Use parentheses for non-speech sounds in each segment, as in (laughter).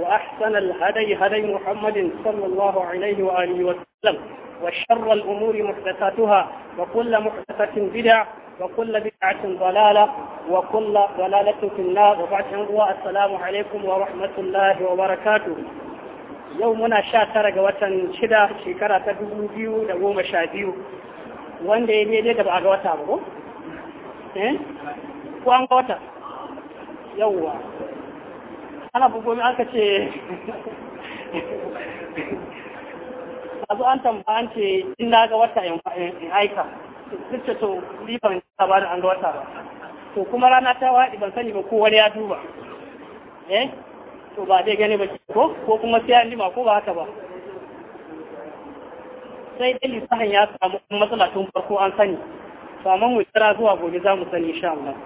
وأحسن الهدي هدي محمد صلى الله عليه وآله وسلم وشر الأمور محدثاتها وكل محدثة بدع وكل بدعة ضلالة وكل ضلالة في النار وبعد أن السلام عليكم ورحمة الله وبركاته يومنا شاتر جواتن شدة شكرا تدبو بيو دوما شاديو وان دي ميدي دبع جواتا بغو eh ko an gota yawwa ana bugomi aka ce a zo an tambaya ce in na ga wata in aika duk da to liban ba an ga wata ba to kuma rana ta waɗi ban sani ba ko wani ya duba eh to ba dai gani ba ko ko kuma sai an lima ko ba haka ba sai dai lissahin ya samu matsala tun farko an sani to amma mu tsira zuwa gobe za mu sani insha Allah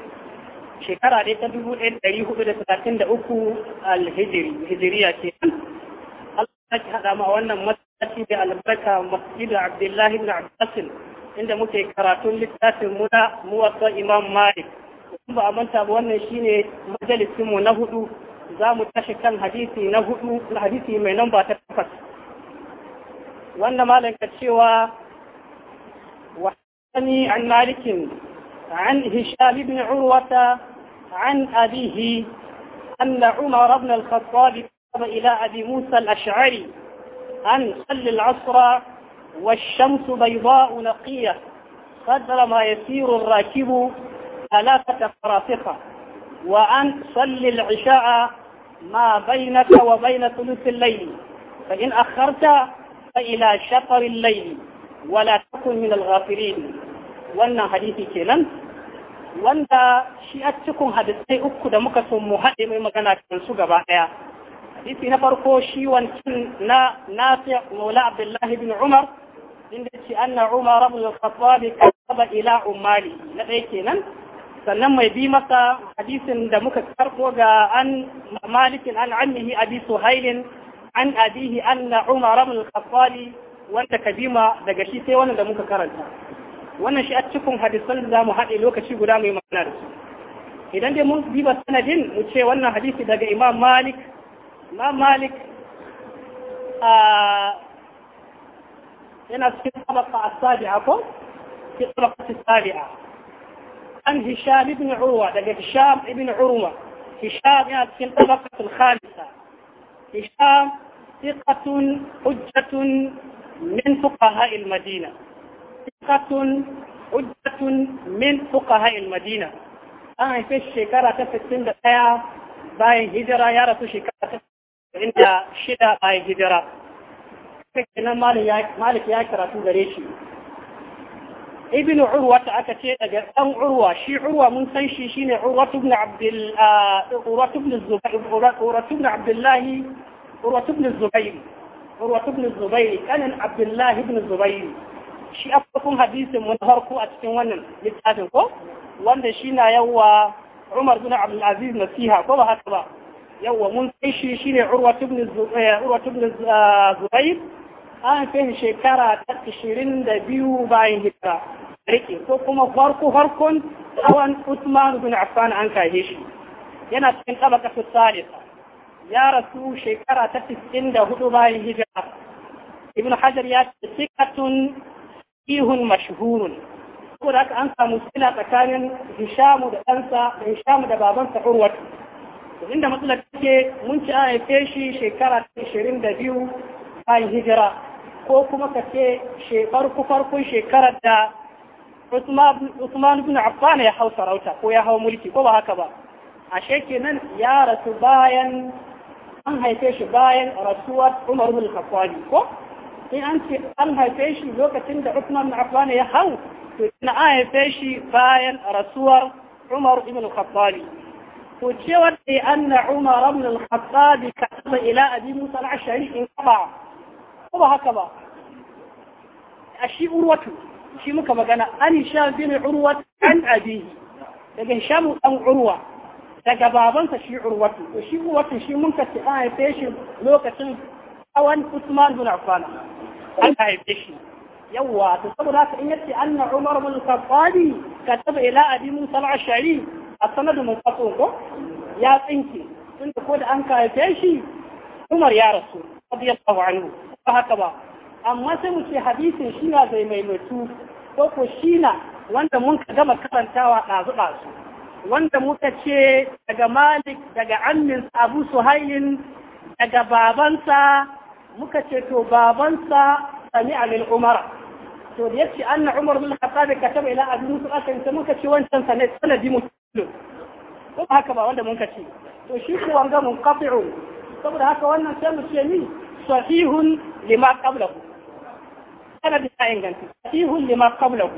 shekara dai ta dubu ɗaya ɗari hudu da talatin da uku alhijiri hijiriya ce Allah ki haɗa ma wannan masallaci da albarka masjidu Abdullahi ibn Abbas inda muke karatun littafin muna muwasa Imam Malik in ba a manta ba wannan shine majalisin mu na hudu za mu tashi kan hadisi na hudu na hadisi mai namba ta takwas wanda malam ka cewa wa an malikin عن هشام بن عروة عن أبيه أن عمر بن الخطاب ذهب إلى أبي موسى الأشعري أن صل العصر والشمس بيضاء نقية قدر ما يسير الراكب ثلاثة فرافقة وأن صل العشاء ما بينك وبين ثلث الليل فإن أخرت فإلى شطر الليل ولا تكن من الغافلين وأن حديثي كلام wanda shi a cikin hadisai uku da muka so mu haɗe mai magana kan su gaba ɗaya hadisi na farko shi wancan na nafi maula abdullahi bin umar inda ce na umar rabu al-khattab ila umali na ɗaya kenan sannan mai bi masa hadisin da muka karɓo ga an malikin an ammihi abi suhailin an abihi na umar rabu al-khattab wanda kabima daga shi sai wannan da muka karanta wannan shi a cikin hadisan da mu haɗe lokaci guda mai magana da su idan dai mun diba sanadin mu ce wannan hadisi daga imam malik imam malik a yana a tabaka asabi'a ko cikin tabaka a an hisham ibn urwa daga hisham ibn urwa hisham yana cikin tabaka al-khamisa hisham hujjatun حجة من فقهاء المدينة hujjatun min fuqaha al-Madina an haife shekara ta 61 bayan hijira ya rasu shekara ta 96 bayan hijira kenan Malik ya karatu gare shi ibn urwa ta aka ce daga dan urwa shi urwa mun san shi shine urwa ibn abdul urwa ibn urwa ibn abdullah urwa ibn urwa ibn abdullah ibn shi a farkon hadisin mun farko a cikin wannan littafin ko wanda shi na yawa Umar bin Abdul Aziz nasiha ko ba haka ba yawa mun kai shi shine Urwa ibn eh, Urwa ibn ah, Zubayr an kai shekara ta 22 bayan hijira rike ko kuma farko farkon tsawon Uthman bin Affan an kai shi yana cikin tabaka salisa ya rasu shekara ta 94 bayan hijira ibn hajar ya ce sikatun ihun mashhurun saboda haka an samu sila tsakanin hishamu da ɗansa da hishamu da babansa urwatu to inda matsalar take mun ci an haife shi shekara ta ishirin da biyu bayan hijira ko kuma ka ce farko farkon shekarar da Usman bin Affan ya hau sarauta ko ya hau mulki ko ba haka ba ashe kenan ya rasu bayan an haife shi bayan rasuwar Umar bin ko in an ce an haife shi lokacin da Uthman ibn Affan ya hau to ina an haife shi bayan rasuwar Umar ibn Khattab to cewa da anna Umar ibn Khattab kataba ila Abi Musa al-Ash'ari in kaba ko ba haka ba a shi urwatu shi muka magana an sha bin urwatu an abihi daga shamu dan urwa daga babansa shi urwatu to shi urwatu shi mun kace an haife shi lokacin awan Usman bin Affan an haife shi yawa to saboda haka in yace anna umar bin al-khattab kataba ila abi musa al-ashari as-sanadu munqatu ko ya tsinke tunda ko da an haife shi umar ya rasu radiyallahu anhu ba haka ba amma sai mu ce hadisin shi na zai mai ko ko shina na wanda mun ka gama karantawa ɗazu ɗazu wanda muka ce daga malik daga amminsa abu suhailin daga babansa muka ce to babansa sami min umar to da yace anna umar bin khattab kataba ila abi musa akan sai muka ce wancan sanad sanadi muslim ko haka ba wanda muka ce to shi ko wanga mun munqati'u saboda haka wannan sai mu ce ni sahihun lima qablahu sanadi ya inganta sahihun lima qablahu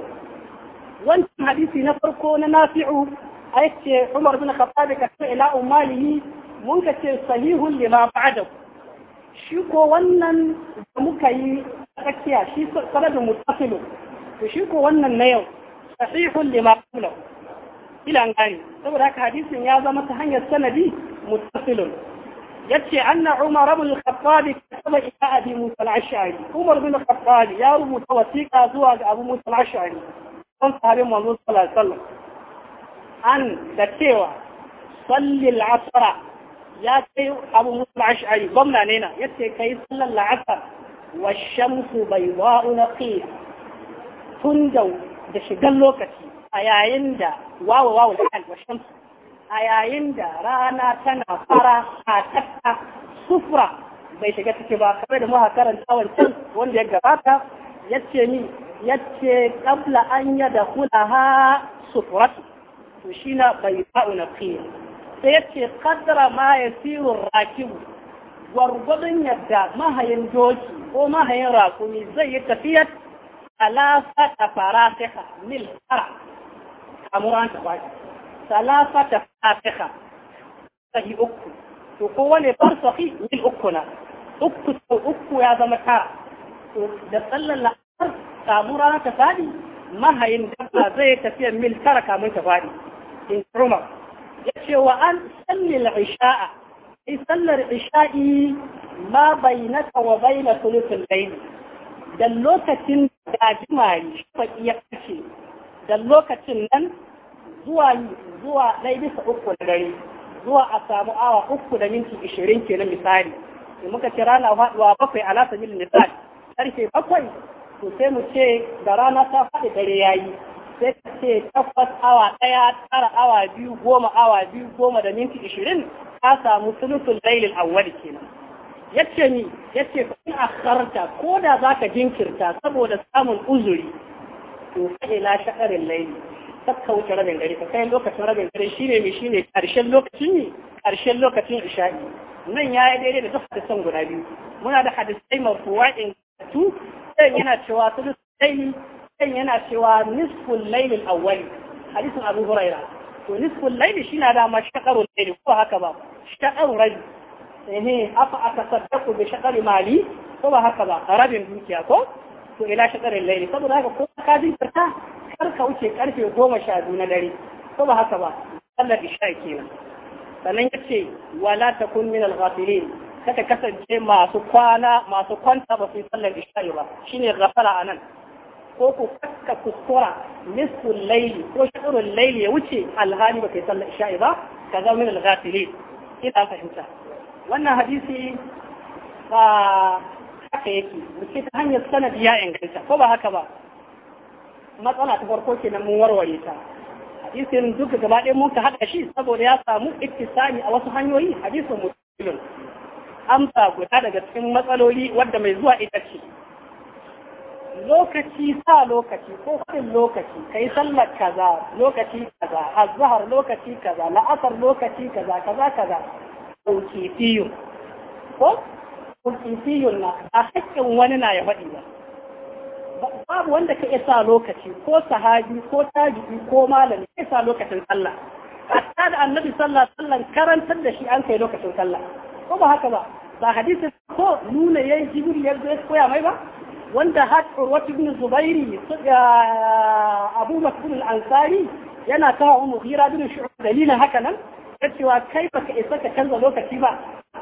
wancan hadisi na farko na nafi'u a yace umar bin khattab kataba ila ummalihi mun ka ce sahihun lima ba'dahu shi ko wannan da muka yi tsakiya shi sanadin mutasilu to shi ko wannan na yau sahihun lima qabla ila gani saboda haka hadisin ya zama ta hanyar sanadi mutasilun yace anna umar ibn al-khattab kataba ila abi musa al-ash'ari umar ibn al-khattab ya rubuta wasiqa zuwa ga abu musa al-ash'ari kan sahabin manzo sallallahu alaihi wasallam an da cewa salli al-asra ya kai abu musul ash'ari gwamna ne na ya ce kai sallar la'asar wa shamsu bai wa'u na qila tun da da shigan lokaci a yayin da wawa da wa shamsu a yayin da rana tana fara a tatta sufra bai shiga ciki ba kamar da muka karanta wancan wanda ya gabata yace ni yace kabla an yadkhulaha sufratu to shi na bai fa'u na qila sai ya ce kaddara ma ya siru rakibu gwargwadon yadda mahayin doki ko mahayin rakumi zai yi tafiyar talafata ta farasiha mil tara kamuran ta kwaki salafa ta farasiha sahi uku to kowane farsahi mil uku na uku sau uku ya zama tara to da tsallan la'ar kamura ta fadi mahayin dabba zai tafiyar mil tara kamun ta fadi in kuma yace wa an salli al-isha'a ai sallar isha'i ma bainaka wa baina thuluthil layl da lokacin da jimari faki ya kace da lokacin nan zuwa zuwa dai bisa uku na dare zuwa a samu awa uku da minti ishirin kenan misali in muka ce rana faduwa bakwai a lasa mil misali karfe bakwai to sai mu ce da rana ta faɗi dare yayi sai ka ce takwas awa ɗaya tara awa biyu goma awa biyu goma da minti ishirin ka samu sulusul lailin awwal kenan ce ni yace fa in akharta ko da za ka jinkirta saboda samun uzuri to fa ila sha'arin laili sakka wuce rabin gari ka kai lokacin rabin gari shine me shine karshen lokacin ne karshen lokacin isha'i nan ya yi daidai da duk hadisan guda biyu muna da hadisai in tu sai yana cewa sulusul laili kan yana cewa nisful lailin awwali hadisin abu huraira to nisful laili shi na ma shakarul laili ko haka ba shakarul rabi eh afa aka saddaku bi shakari mali ko ba haka ba rabin dukiya ko to ila shakarul laili saboda haka ko ka jinkirta kar ka wuce karfe goma sha biyu na dare ko ba haka ba sallar isha kenan sannan ya ce wala takun min al-ghafilin kada kasance masu kwana masu kwanta ba su yi sallar isha ba shine ghafala anan ko ku kakka kuskura nisful laili, ko shurul laili ya wuce alhali ba kai sallar isha'i ba ka zama min al ina fahimta wannan hadisi ba haka yake muke ta hanyar sanadi ya inganta ko ba haka ba matsala ta farko kenan mun warware ta hadisin duk gaba ɗaya mun ka haɗa shi saboda ya samu ittisani a wasu hanyoyi hadisin mutum amsa guda daga cikin matsaloli wadda mai zuwa ita ce lokaci sa lokaci ko kudin lokaci kai sallar kaza lokaci kaza azhar lokaci kaza la'asar lokaci kaza kaza kaza tawqifiyun ko tawqifiyun na a hakkin wani na ya faɗi ba babu wanda ka isa lokaci ko sahabi ko tajiki ko malami ka isa lokacin sallah hatta da annabi sallah sallan karantar da shi an kai lokacin sallah ko ba haka ba ba hadisi ko nuna yayin jibril yanzu ya koya mai ba wanda har urwatu ibn zubairi abu masu al-ansari yana kawo wa mughira bin shu'ab dalilin haka nan ya cewa kai baka isa ka canza lokaci ba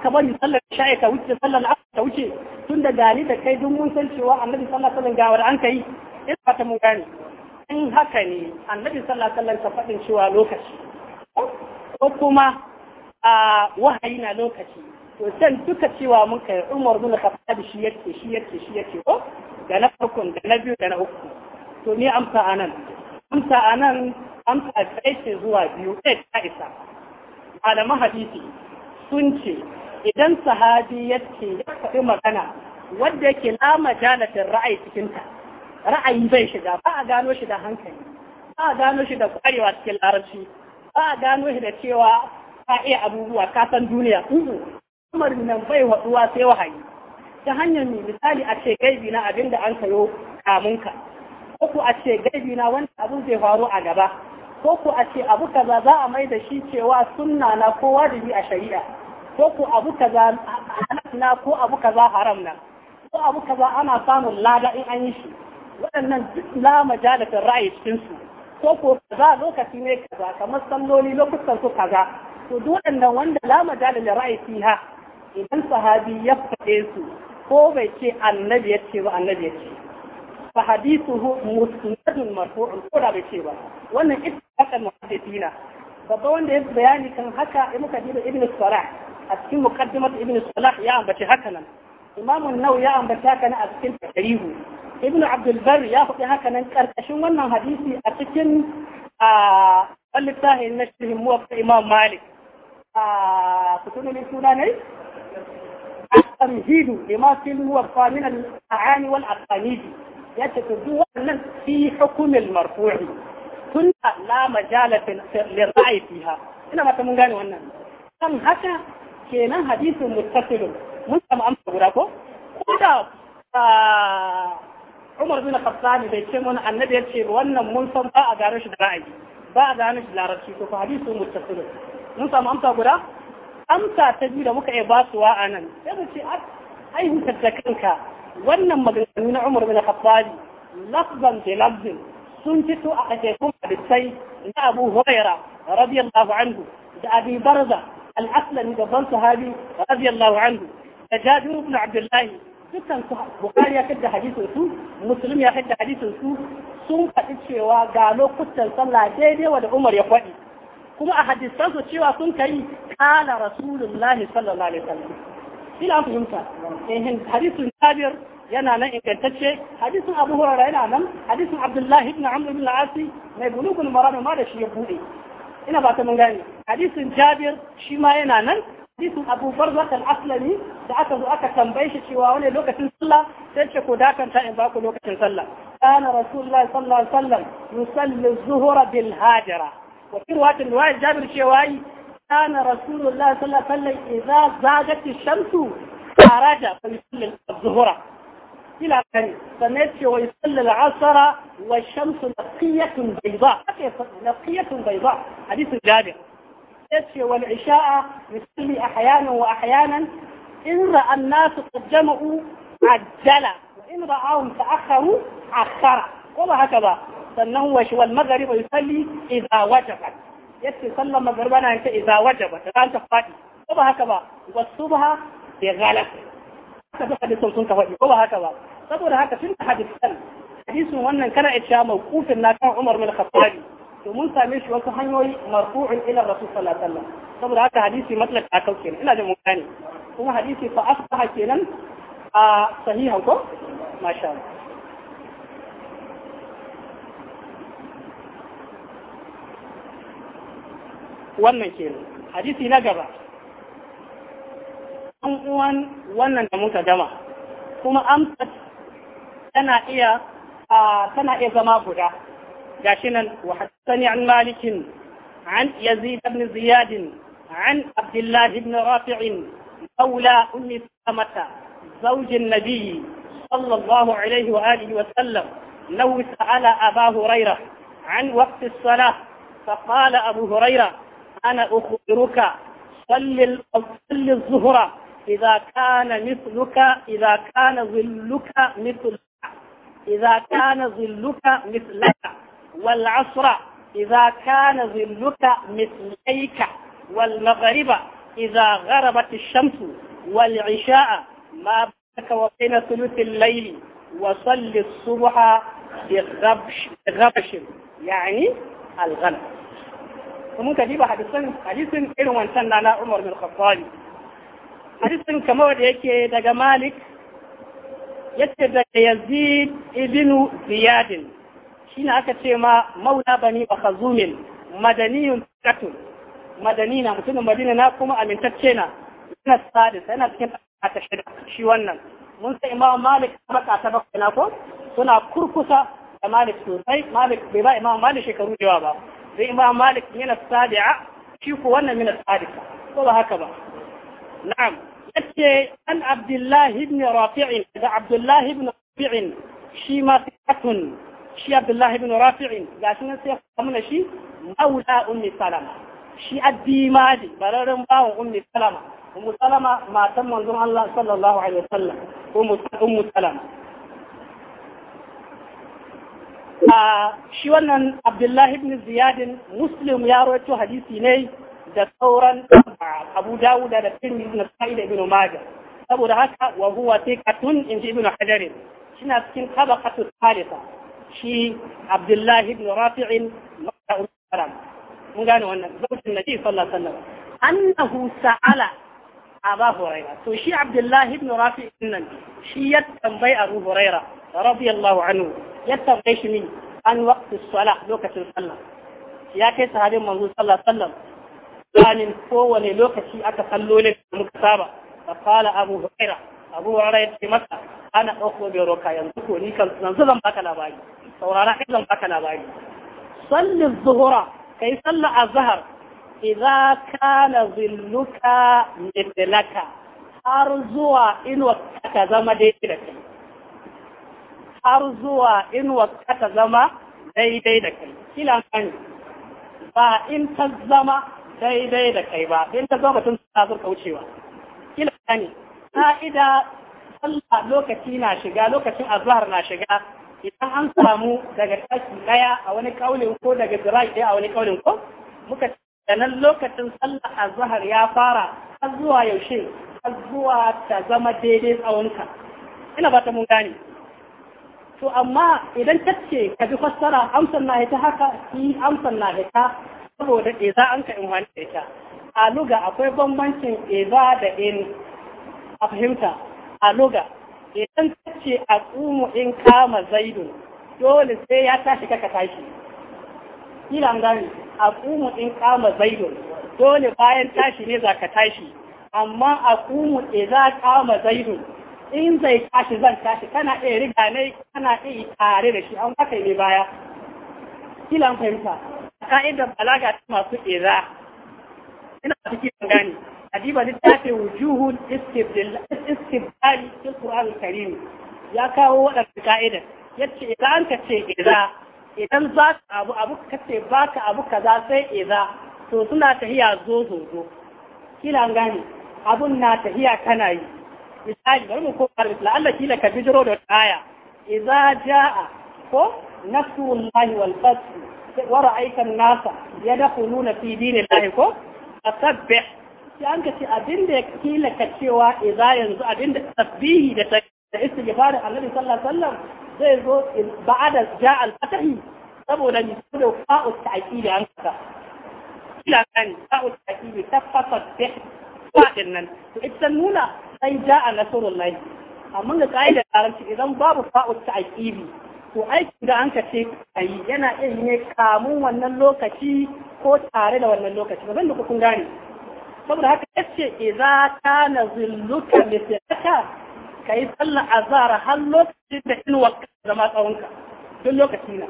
ka bari sallar sha'i ka wuce sallar aka ta wuce tun da gani da kai dun mun san cewa annabi sallallahu alaihi wasallam gawar an kai ina fata mun gane in haka ne annabi sallallahu alaihi wasallam ka faɗin cewa lokaci ko kuma a wahayi na lokaci to can duka cewa mun kai Umar bin Khattab shi yake shi yake shi yake ko da na farkon da na biyu da na uku to ni amsa anan amsa anan amsa ce zuwa biyu ɗaya eh, ta isa malaman hadisi sun ce idan sahabi yake ya faɗi magana wadda yake la majalatin ra'ayi cikinta ra'ayi bai shiga ba a gano shi da hankali ba a gano shi da kwarewa cikin larabci ba a gano shi da cewa ka iya abubuwa ka san duniya al'amarin nan bai haɗuwa sai wahayi ta hanyar misali a ce gaibi na abin da an sayo kamunka ko ku a ce gaibi na wanda abin zai faru a gaba ko ku a ce abu kaza za a mai da shi cewa sunna na ko wajibi a shari'a ko ku abu kaza na ko abu kaza haram na ko abu kaza ana samun lada in an yi shi waɗannan duk la majalatin ra'ayi cikin su ko ko kaza lokaci ne kaza kamar salloli lokutan su kaza to duk waɗannan wanda la majalatin ra'ayi fiha idan sahabi ya faɗe su ko bai ce annabi ya ce ba annabi ya ce fa hadithuhu musnadun marfu'un ko da bai ce ba wannan ita ittifaqan muhaddithina babba wanda ya bayani kan haka ibn kadiba ibnu salah a cikin muqaddimat ibn salah ya ambace haka nan imamu an ya ambace haka nan a cikin tarihu ibn abdul barr ya faɗi haka nan karkashin wannan hadisi a cikin a wallahi na shirin muwaffaq imam malik a kutunin suna ne التمهيد لما هو من الأعاني والأقانيد يتكدو أن في حكم المرفوع كنا لا مجال للرأي فيها إنما تمنغاني وانا كان هكا كان حديث متصل مستمع مغراكو كنا عمر بن الخطاب bai ce mana annabi ya ce wannan mun san ba a gane shi da ra'ayi ba a gane shi larabci to fa hadisu muttasil mun samu amsa guda amsa ta biyu da muka iya basuwa a nan sai mu ce ah, ai hutar da kanka wannan maganganu na umar bin khattabi lafzan bi lafzin sun fito a kasekun hadisai na abu huraira radiyallahu anhu da abi barza al-aslami babban sahabi radiyallahu anhu da jabir ibn abdullah dukkan su bukari ya kadda hadisin su muslim ya kadda hadisin su sun faɗi cewa ga lokutan sallah daidai wa da umar ya faɗi kuma a hadisansu cewa sun kai kala rasulullahi sallallahu alaihi sallam. ila an fahimta eh hadisun jabir yana nan ingantacce hadisin abu hurairah yana nan hadisin abdullahi ibn amr ibn al-asi mai bulugul maram ma da shi ya bude ina ba ta mun gane hadisin jabir shi ma yana nan hadisin abu barza al-aslami da aka zo aka tambaye shi cewa wani lokacin sallah sai ce ko dakanta in ba ku lokacin sallah kana rasulullahi sallallahu alaihi wasallam yusalli zuhura bil hajara وفي رواية رواية جابر شوائي كان رسول الله صلى الله عليه وسلم إذا زادت الشمس خرج فيصلي الظهر إلى اخره سنتي ويصلي العصر والشمس نقية بيضاء نقية بيضاء حديث جابر والعشاء يصلي أحيانا وأحيانا إن رأى الناس قد جمعوا عجلا وإن رأهم تأخروا أخر والله هكذا sannan wa shi wal maghrib yusalli idza wajabat yace sallar magriba na yace idza wajabat da ta fadi ko ba haka ba wa subha bi ghalat haka da hadisin sun ka faɗi ko ba haka ba saboda haka tun da hadisin hadisin wannan kana ita kufin na kan Umar bin Khattabi to mun same shi wasu hanyoyi marfu'in ila rasul sallallahu alaihi wasallam saboda haka hadisi matlaka ta kauke ina da mun gane kuma hadisi fa asbaha kenan a sahihan ko masha Allah wannan kenan hadisi na gaba an uwan wannan da muka gama kuma amsa tana iya tana iya zama guda gashi nan wa hassani an malikin an yazid ibn ziyad an abdullah ibn rafi' مولى أم سلمة زوج النبي صلى الله عليه وآله وسلم لو سأل أبا هريرة عن وقت الصلاة فقال أبو هريرة أنا أخبرك صل الظهر إذا كان مثلك إذا كان ظلك مثلك إذا كان ظلك مثلك والعصر إذا كان ظلك مثليك والمغرب إذا غربت الشمس والعشاء ما بينك وبين ثلث الليل وصل الصبح بغبش, بغبش يعني الغنم mun ka diba hadisin hadisin irin wancan na na, Umar bin Khattab hadisin kamar da yake daga Malik yace daga Yazid ibn Ziyad shine aka ce ma maula bani Bakhzum madaniyun katun madanina mutumin Madina na kuma amintacce na na sadis yana cikin ta shida shi wannan mun sai Imam Malik baka ta bakwai na ko suna kurkusa da Malik sosai Malik bai ba Imam Malik shekaru da yawa ba sai imam malik min as-sabi'a shi ko wannan min as-sadisa ko ba haka ba na'am yace an abdullah ibn rafi' da abdullah ibn rafi' shi ma sikatun shi abdullah ibn rafi' ga shi nan sai kuma shi maula ummi salama shi addimadi bararren bawon ummi salama ummu salama matan manzon Allah sallallahu alaihi wasallam ummu salama a ah, shi wannan abdullahi ibn ziyadin muslim ya rawaito hadisi ne da sauran abu dawuda da tirmidhi na sa'id ibn maja saboda haka wa huwa thiqatun in ji ibn hajar shina cikin tabaqatu thalitha shi abdullahi ibn rafi'in mawla ummaram mun gane wannan zautin nabi sallallahu alaihi wasallam annahu sa'ala aba hurairah to shi abdullahi ibn rafi'in nan shi ya tambayi abu hurairah radiyallahu anhu ya tambaye shi min an waqti salah lokacin sallah ya kai sahabin manzo sallallahu alaihi wasallam kowane lokaci aka sallolin da muka saba fa qala abu hurairah abu hurairah ya ce masa ana dauko bai roka yanzu ko ni kan yanzu zan baka labari saurara kai zan baka labari salli zuhura kai sallah azhar idza kana zilluka mithlaka har zuwa inuwa zama daidai da kai har zuwa in wakka ta zama daidai da kai kila kan ba in ta zama daidai da kai ba in ta zama tun ta zurka wucewa kila kan ka'ida sallah lokaci na shiga lokacin azhar na shiga idan an samu daga taki daya a wani kaulin ko daga dirai daya a wani kaulin ko muka da nan lokacin sallah azhar ya fara har zuwa yaushe har zuwa ta zama daidai tsawonka ina ba ta mun gane to amma idan tace ce ka bi fassara amsar na ita haka shi amsar na ita saboda eza an ka in wani ita a luga akwai bambancin eza da in a fahimta a luga idan tace ce a tsumu in kama zaidun dole sai ya tashi kaka tashi ila an gani a tsumu in kama zaidun dole bayan tashi ne za ka tashi amma a tsumu eza kama zaidun in zai tashi zan tashi kana iya riga ne kana iya tare da shi an haka ne baya kila an fahimta ka'idar balaga ta masu ƙera ina da cikin gani adiba littafin wujuhun istibdali ta qur'an karim ya kawo waɗanda ka'idar yace idan ka ce ƙera idan za ka abu abu ka ce ba ka abu za sai ƙera to suna tahiya zo zo zo kila an gani. abun na tahiya kana yi إذا لم يكن مثل الله لك بجرو الآية إذا جاء نصر الله والفتح ورأيت الناس يدخلون في دين الله فسبح أنك أبند كيلك تشوى إذا ينزع أبند تسبيه استغفار النبي صلى الله عليه وسلم زيزو بعد جاء الفتح طبعا يقول فاء التعكيل عنك إلى أن فاء التعكيل تفصل فاء النن إبسنونا sai ja'a nasarullahi amma ga ka'idar larabci idan babu fa'u ta'qibi to aikin da an ka ce ayi yana iya ne kamun wannan lokaci ko tare da wannan lokaci ban da kun gane saboda haka yace idza kana zilluka ka yi sallar azhar har lokacin da in wakka zama tsawonka duk lokaci na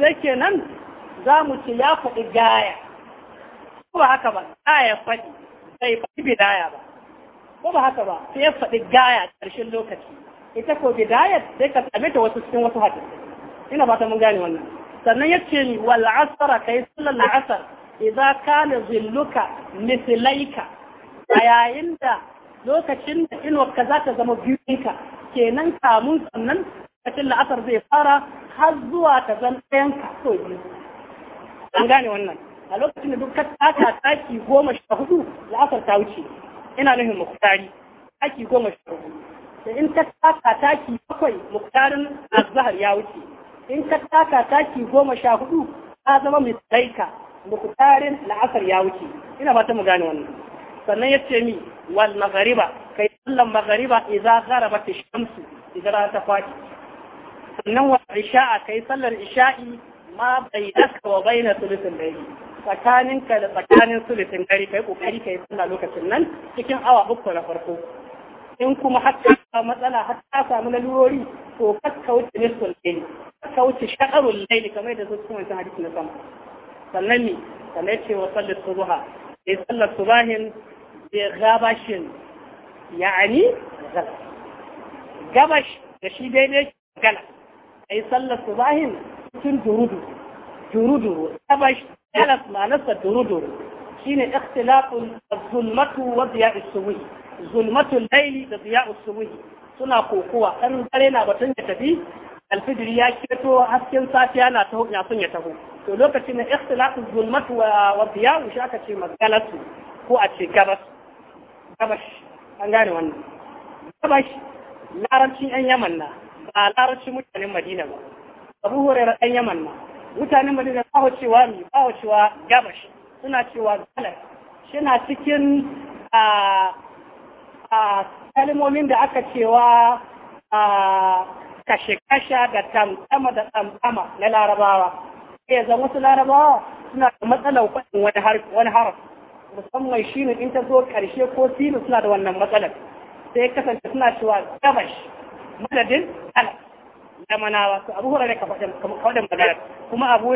sai kenan za mu ce ya faɗi gaya ko ba haka ba gaya faɗi bai faɗi bidaya ba ko ba haka ba sai ya faɗi gaya ƙarshen lokaci ita ko bidayat sai ka same ta wasu cikin wasu hadisi ina ba ta mun gane wannan sannan ya ce ni wal asara kai sallar asar idza kana zilluka mislaika a yayin da lokacin da inuwarka za ta zama biyunka kenan kamun sannan lokacin la'asar zai fara har zuwa ta zan ɗayanka so biyu an gane wannan a lokacin da duk ka taka taki goma sha hudu la'asar ta wuce ina nufin muktari taki goma sha hudu da in ka taka taki bakwai muktarin azhar ya wuce in ka taka taki goma sha hudu ka zama mislaika muktarin la'asar ya wuce ina ba ta mu gane wannan sannan ya ce mi wal maghariba kai sallan maghariba idza gharabat ash-shamsu idan ta faɗi sannan wa isha'a kai sallar isha'i ma bai bainaka wa baina thuluthil layl tsakaninka da tsakanin sulisin kari kai kokari kai sallah lokacin nan cikin awa uku na farko in kuma har ta matsala har ta samu lalurori to kas ka wuce nisful layli ka wuce shaqarul layli kamar da su kuma sun hadisi na sama sannan ni sannan ce wa sallar subha yi sallar subahin bi gabashin ya'ani gabash da shi daidai gala yi sallar subahin cikin durudu durudu gabash kalas ma'anarsa duru-duru shine ikhtilafun zulmatu wa ziya'u suwi zulmatul laili da ziya'u suwi suna kokowa ɗan dare na batun ya tafi alfijiri ya keto hasken safiya na taho ya sun ya taho to lokacin ne ikhtilafun zulmatu wa ziya'u shi aka ce magalatu ko a ce gabas gabash an gane wannan gabash larabcin yan yaman na ba larabcin mutanen madina ba abu hurairar yan yaman na mutanen madina ba cewa mi ba cewa gabashi suna cewa galas na cikin a da aka cewa a kashe-kasha da tamtama da tamtama na larabawa ya zan wasu larabawa suna da matsalar kwanin wani haraf musamman shi ne in ta zo karshe ko sinu suna da wannan matsalar sai kasance suna cewa gabashi madadin alas yamanawa to abu hurairah ka faɗin ka faɗin magana kuma abu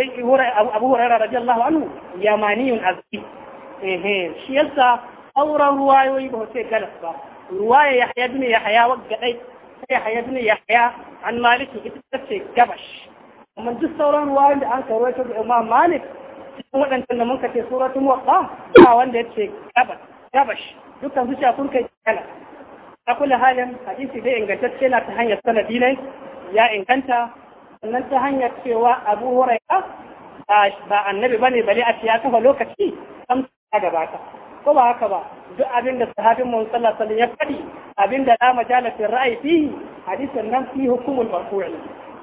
abu hurairah radiyallahu anhu yamaniyun azki eh shi yasa auren ruwayoyi ba sai galas ba ruwaya yahya ibn yahya wagga dai sai yahya ibn yahya an malik ita ce gabash amma duk sauran ruwayoyin da an karwaito da imam malik cikin waɗancan da muka ce suratul muwaqqa ba wanda yace gabas gabash dukkan su sun kai kala a kullu halin hadisi dai ingantacce na ta hanyar sanadi ne ya inganta sannan ta hanyar cewa abu huraira ba annabi bane bale a ya kafa lokaci an ta gabata ko ba haka ba duk abin da sahabin mu sallallahu ya fadi abin da la majala fi ra'yi fihi hadisin nan fi hukumul marfu'i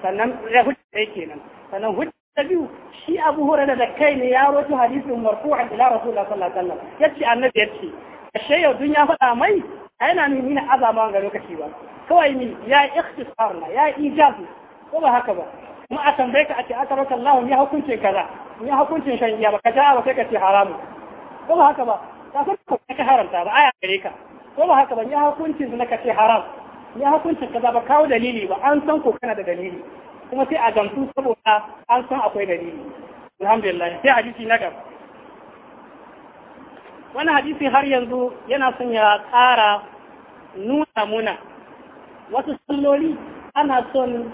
sannan ya hujja nan sannan hujja ta biyu shi abu hurairah da kai ne ya roto hadisin marfu'an ila rasulullah sallallahu alaihi wasallam yace annabi yace ashe yau dun ya faɗa mai yana nuni na azama ga lokaci ba kawai ni ya ikhtisar na ya ijazi, ko ba haka ba kuma a tambaye ka ake ce aka rasa Allah ya hukunce kaza ya hukuncin shan iya ba ka ja ba sai ka ce haramu ko ba haka ba ka san ko ka haramta ba aya gare ka ko ba haka ba ya hukuncin na ka ce haram ya hukuncin kaza ba kawo dalili ba an san ko kana da dalili kuma sai a gamsu saboda an san akwai dalili alhamdulillah sai hadisi na gaba wani hadisi har yanzu yana son ya ƙara nuna muna wasu salloli ana son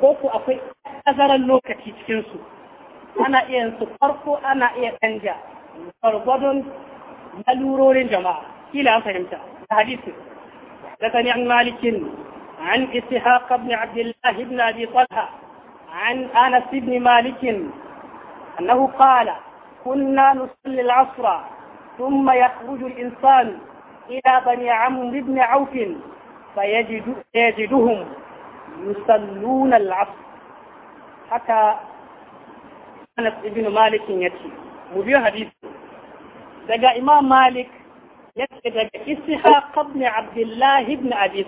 ko akwai tazaran lokaci cikinsu ana iya su farko ana iya canja gwargwadon lalurorin jama'a kila an fahimta da hadisi daga ni an malikin عن إسحاق بن عبد الله بن أبي طلحة عن أنس بن مالك أنه قال كنا نصلي العصر ثم يخرج الإنسان إلى bani عمرو بن عوف fayajiduhum yusalluna al-asr haka Anas ibn Malik yace mu biyo hadisi daga Imam Malik yace daga Ishaq ibn Abdullah ibn Abi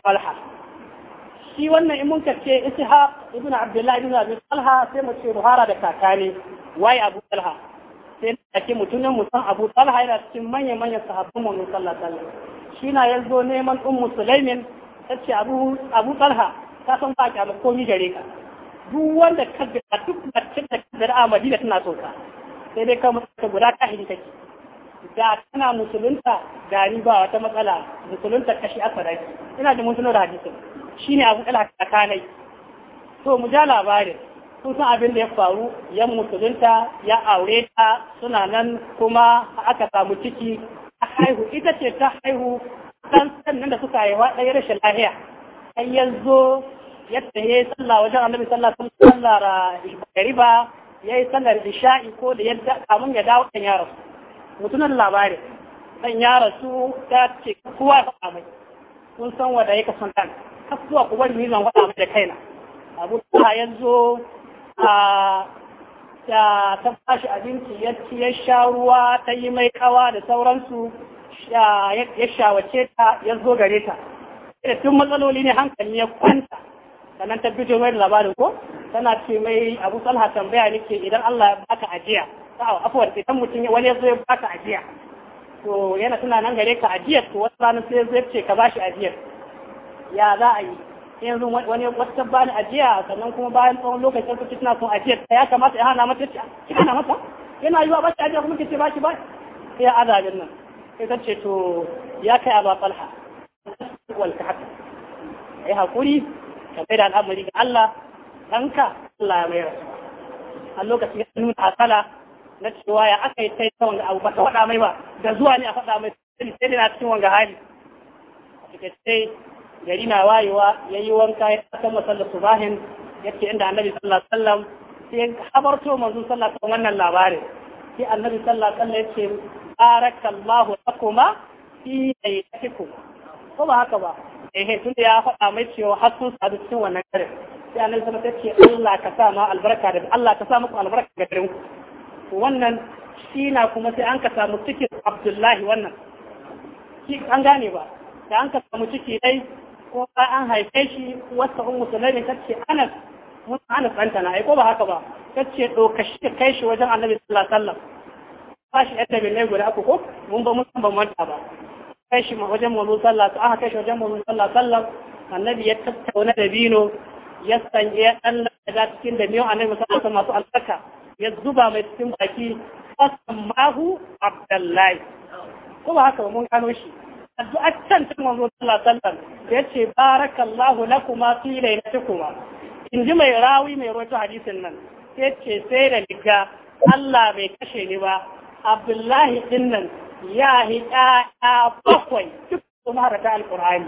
shi wannan in kace Ishaq ibn Abdullah ibn Abi Talha sai da kakane wai sai da ke mutumin musan Abu Talha yana cikin manya manya sahabban mu shi na yanzu neman ummu Sulaimin tace abu abu talha ka san ba kyamar komi gare ka duk wanda ka ga duk mace da ka amadi da tana so ka sai dai ka mutu guda ka hidi kake da tana musulunta gari ba wata matsala musulunta kashi asara ina da musulun da hadisi shine abu talha tsakanai. to mu ja labarin sun san abin da ya faru ya musulunta ya aure ta suna nan kuma aka samu ciki a haihu ita ce ta haihu dan sannan da suka haifa ɗaya rashin lahiya an yanzu yadda ya yi sallah wajen annabi sallah sun sallar eh, riba ya yi sallar isha'i ko da yadda kamun ya dawo kan yaro. mutunan labari ɗan yaro su ta ce kuwa ya faɗa mai kun san wanda ya kasan ɗan kasuwa ku bari zan wada mai da kaina abu ta yanzu a ta ta bashi abinci ya ci ya sha ruwa ta yi mai kawa da sauransu ya shawace ta ya zo gare ta da tun matsaloli ne hankali ya kwanta sannan ta fito mai labarin ko tana ce mai abu talha tambaya nake idan Allah ya baka ajiya sa'a afwan idan mutum wani ya zo ya baka ajiya to yana tana nan gare ka ajiyar to wasu ranar sai zai ce ka bashi ajiyar ya za a yi yanzu wani wata ni ajiya sannan kuma bayan tsawon lokacin kuci tana son ajiyar ta ya kamata ya hana mata ya hana mata yana yiwa bashi ajiya kuma ke ce bashi ba ya azabin nan sai ce to ya kai a talha wal ka haka ai hakuri ka bai da al'amari ga Allah danka Allah ya mai rasu a lokaci ya nuna hasala na cewa ya aka yi sai ta wanga abu ba ta faɗa mai ba da zuwa ne a faɗa mai sai ne na cikin wanga hali a cikin sai gari na wayewa ya yi wanka ya san masallar subahin ya ce inda annabi sallallahu alaihi wasallam sai habarto manzon sallallahu alaihi wannan labarin sai annabi sallallahu alaihi wasallam ya ce barakallahu lakuma fi laylatikum ko ba haka ba eh tun da ya faɗa mai cewa hasu Sadu, cikin wannan garin sai annabi sama ta ce Allah ka sa ma albarka da Allah ka sa muku albarka ga garin wannan shi na kuma sai an ka samu cikin Abdullahi wannan shi an gane ba sai an ka samu ciki dai ko ba an haife shi wasu ummu sulaimin ta ce anas mun anas ɗanta na ai ko ba haka ba ta ce ɗauka shi kai shi wajen annabi sallallahu alaihi wasallam fashi ya tabi guda ko mun ba musamba ban ba kai shi wajen mu sallah to aka kai shi wajen mu sallah sallam annabi ya tattauna da bino ya sanye ya dan daga cikin da miyo annabi sallallahu alaihi masu albarka ya zuba mai cikin baki asmahu abdullahi ko ba haka mun gano shi addu'a can tun manzo sallallahu alaihi wasallam yace barakallahu lakuma fi lailatikuma in ji mai rawi mai rawaito hadisin nan yace sai da liga Allah bai kashe ni ba abdullahi dinnan ya yi ɗaya bakwai duk kuma harata alƙur'ani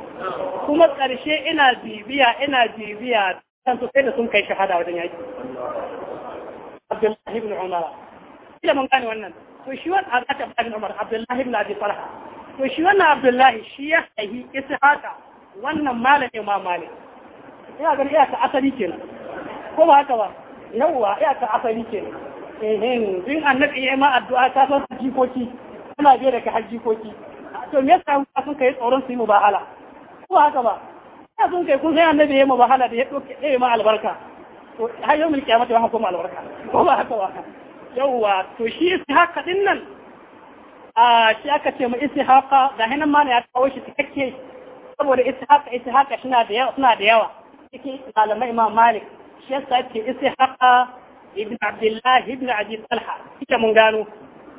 kuma ƙarshe ina bibiya ina bibiya kan su sai da sun kai shahada wajen yaki abdullahi ibn umar da mun gane wannan to shi wannan aka ta ibn umar abdullahi ibn abi talha to shi wannan abdullahi shi ya sahi ishaqa wannan malami ma malami ina ganin iya ta asali kenan ko ba haka ba yawwa iya ta asali kenan in annabi ya ma addu'a ta san jikoki suna biya daga har jikoki to me yasa ku sun kai tsoron su yi mubahala ko haka ba ya sun kai kun sai annabi ya mubahala da ya doke ɗaya ma albarka to har yau mulki mata wani kuma albarka ko ba haka ba yauwa to shi isi haka din nan a shi aka ce mu isi haka da hinan ma ya kawo shi cikakke saboda isi haka isi haka suna da yawa suna da yawa cikin malamai imam malik shi yasa ke isi haka ibn abdullah ibn abi talha ita mun gano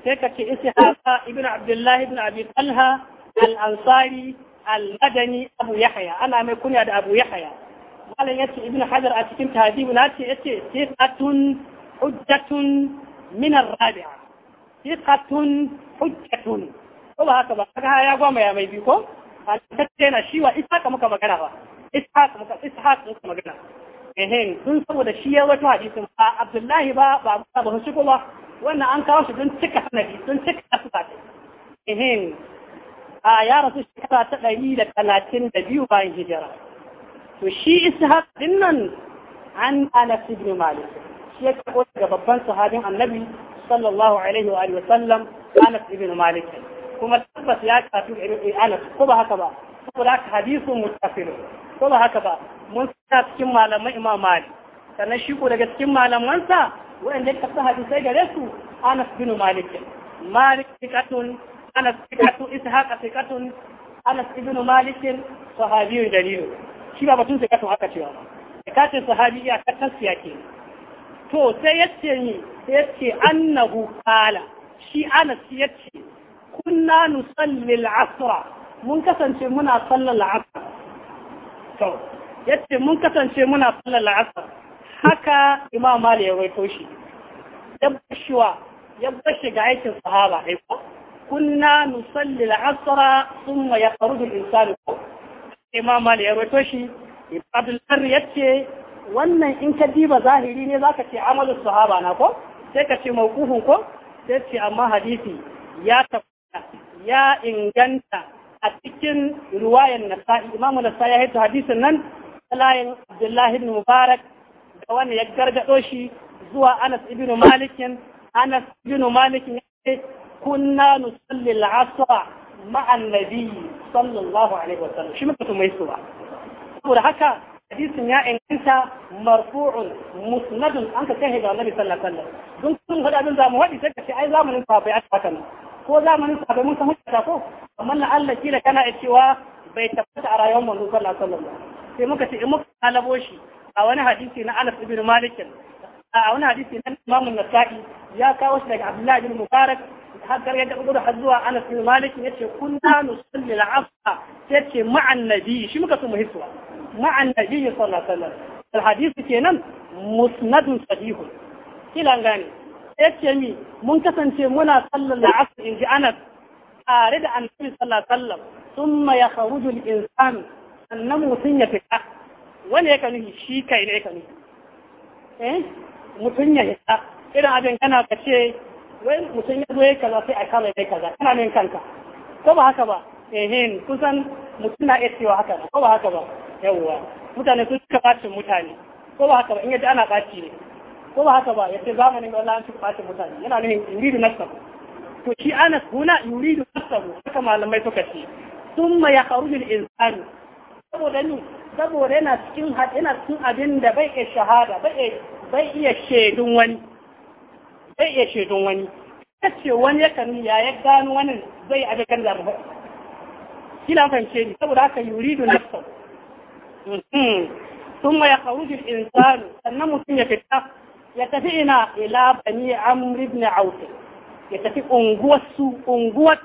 sai ka ce istihaba ibn abdullah ibn abi talha al-ansari al-madani abu yahya ana mai kunya da abu yahya malam yace ibn hajar a cikin tahdibu na ce yace sifatun hujjatun min ar-rabi'a sifatun hujjatun ko ba haka ba kaga ya goma ya mai bi a tattaina shi wa ishaq muka magana ba ishaq muka ishaq muka magana ehen sun saboda shi ya wato hadisin ba abdullahi ba ba musa ba shi kuma wannan an kawo shi don cika sanadi don cika asuba ehen a ya rasu shekara ta ɗari da talatin da biyu bayan hijira to shi ishaq din nan an anas ibn malik shi ya karɓo daga babban sahabin annabi sallallahu alaihi wa alihi wa sallam anas ibn malik kuma tabbas ya karɓi anas ko ba haka ba saboda haka hadisin muttasil ko ba haka ba mun sa cikin malaman imam mali sannan shi ko daga cikin malamansa wa'anda ka sa hadisai gare su anas bin malik malik fikatun anas fikatun ishaq fikatun anas ibn malik sahabiyun dalilu shi ba batun tikatun haka cewa ba kace sahabi ya ka tasiya ke to sai yace ni sai yace annahu qala shi anas yace kunna nusalli al-asra mun kasance muna sallar al-asr to yadda mun kasance muna sallar la'asar haka imam mali ya rawaito shi ya bashiwa ya bashi ga aikin sahaba aiko. ko kunna nusalli ya faru da insani ko imam mali ya rawaito shi abdul ya yace wannan in ka diba zahiri ne zaka ce amalin sahaba na ko sai ka ce mawqufun ko sai ce amma hadisi ya tabbata ya inganta a cikin ruwayan nasa'i imamu nasa'i ya haita hadisin nan layin Abdullahi ibn Mubarak da wanda ya gargado shi zuwa Anas ibn Malikin Anas ibn Malikin yace kunna nusalli al-asr ma'a an-nabi sallallahu alaihi wa wasallam shi mutum mai suwa saboda haka hadisin ya inganta marfu'un musnadun an ka kai ga Annabi sallallahu alaihi wasallam dun kun hada abin zamu hadi sai ka ce ai zamanin sahabbai aka haka ko zamanin sahabbai mun san hujja ko amma na Allah kila kana cewa bai tabbata a rayuwar manzo sallallahu alaihi wa wasallam sai muka ce in muka halabo shi a wani hadisi na Anas ibn Malik a wani hadisi na Imam Nasa'i ya kawo shi daga Abdullah ibn Mubarak har kar ya gudu har zuwa Anas ibn Malik yace kunna nusalli al-asr yace ma'an nabi shi muka so mu hiswa ma'an nabi sallallahu alaihi wasallam al-hadisi kenan musnad sahihun kila gane yace mi mun kasance muna sallar al-asr inji Anas tare da annabi sallallahu alaihi wasallam ثم يخرج الإنسان Wannan mutum ya fita wani ya kanu shi kai ne ya kanu eh mutum ya fita irin abin kana ka ce wai mutum ya zo ya kaza sai a kama ya kaza kana nan kanka ko ba haka ba eh kusan mutum na iya cewa haka ko ba haka ba yawwa mutane sun cika bacin mutane ko ba haka ba in yadda ana baci ne ko ba haka ba yace zamanin da Allah ya cika bacin mutane yana nufin yuridu nasabu to shi ana huna yuridu nasabu haka malamai suka ce ثم يخرج al saboda ni saboda yana cikin yana cikin abin da bai iya shahada bai bai iya shedun wani bai iya shedun wani ce wani ya kan ya ya gano wani zai abin kan zamu kila fahimce ni saboda haka yuridu nafsa ثم hmm. ya الإنسان أن مسلم يفتح يتفئنا إلى بني عمرو بن عوف يتفئ أنقوة أنقوة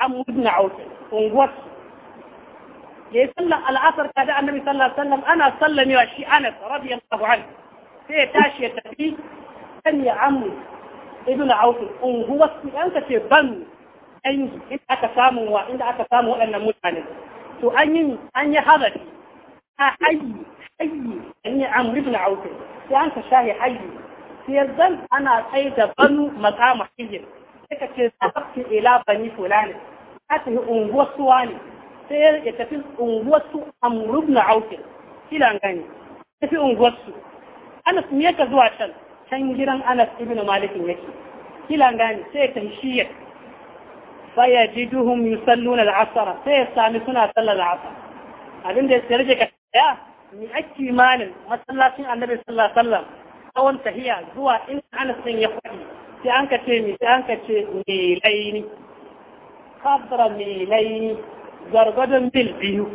عمرو بن عوف unguwarsu. ya yi sallan al'asar ta da annabi sallallahu alaihi wasallam ana sallamewa shi anas radiyallahu anhu sai ya tashi ya tafi kan ya amu ibnu auf unguwar su an ce ban dangi inda aka samu wa inda aka samu waɗannan mutane to an yi an yi hazari a hayyi hayyi an yi amu ibnu auf sai an ka shahi hayyi sai yanzu ana tsaye da banu maqama hayyin sai ka ce sababti ila bani fulani ta yi unguwar suwa ne sai ya tafi unguwarsu amru ibn auf kila gani tafi unguwarsu Anas me yake zuwa can can gidan Anas ibn Malik yake kila gani sai ya tafi sai ya ji duhun yusalluna al-asr sai ya sami suna sallar al-asr abin da ya rage ka ya ni ake akimanin masallacin annabi sallallahu alaihi wasallam tsawon tahiya zuwa in Anas din ya faɗi sai an ka ce mi sai an ka ce milaini qadra milaini gwargwadon mil biyu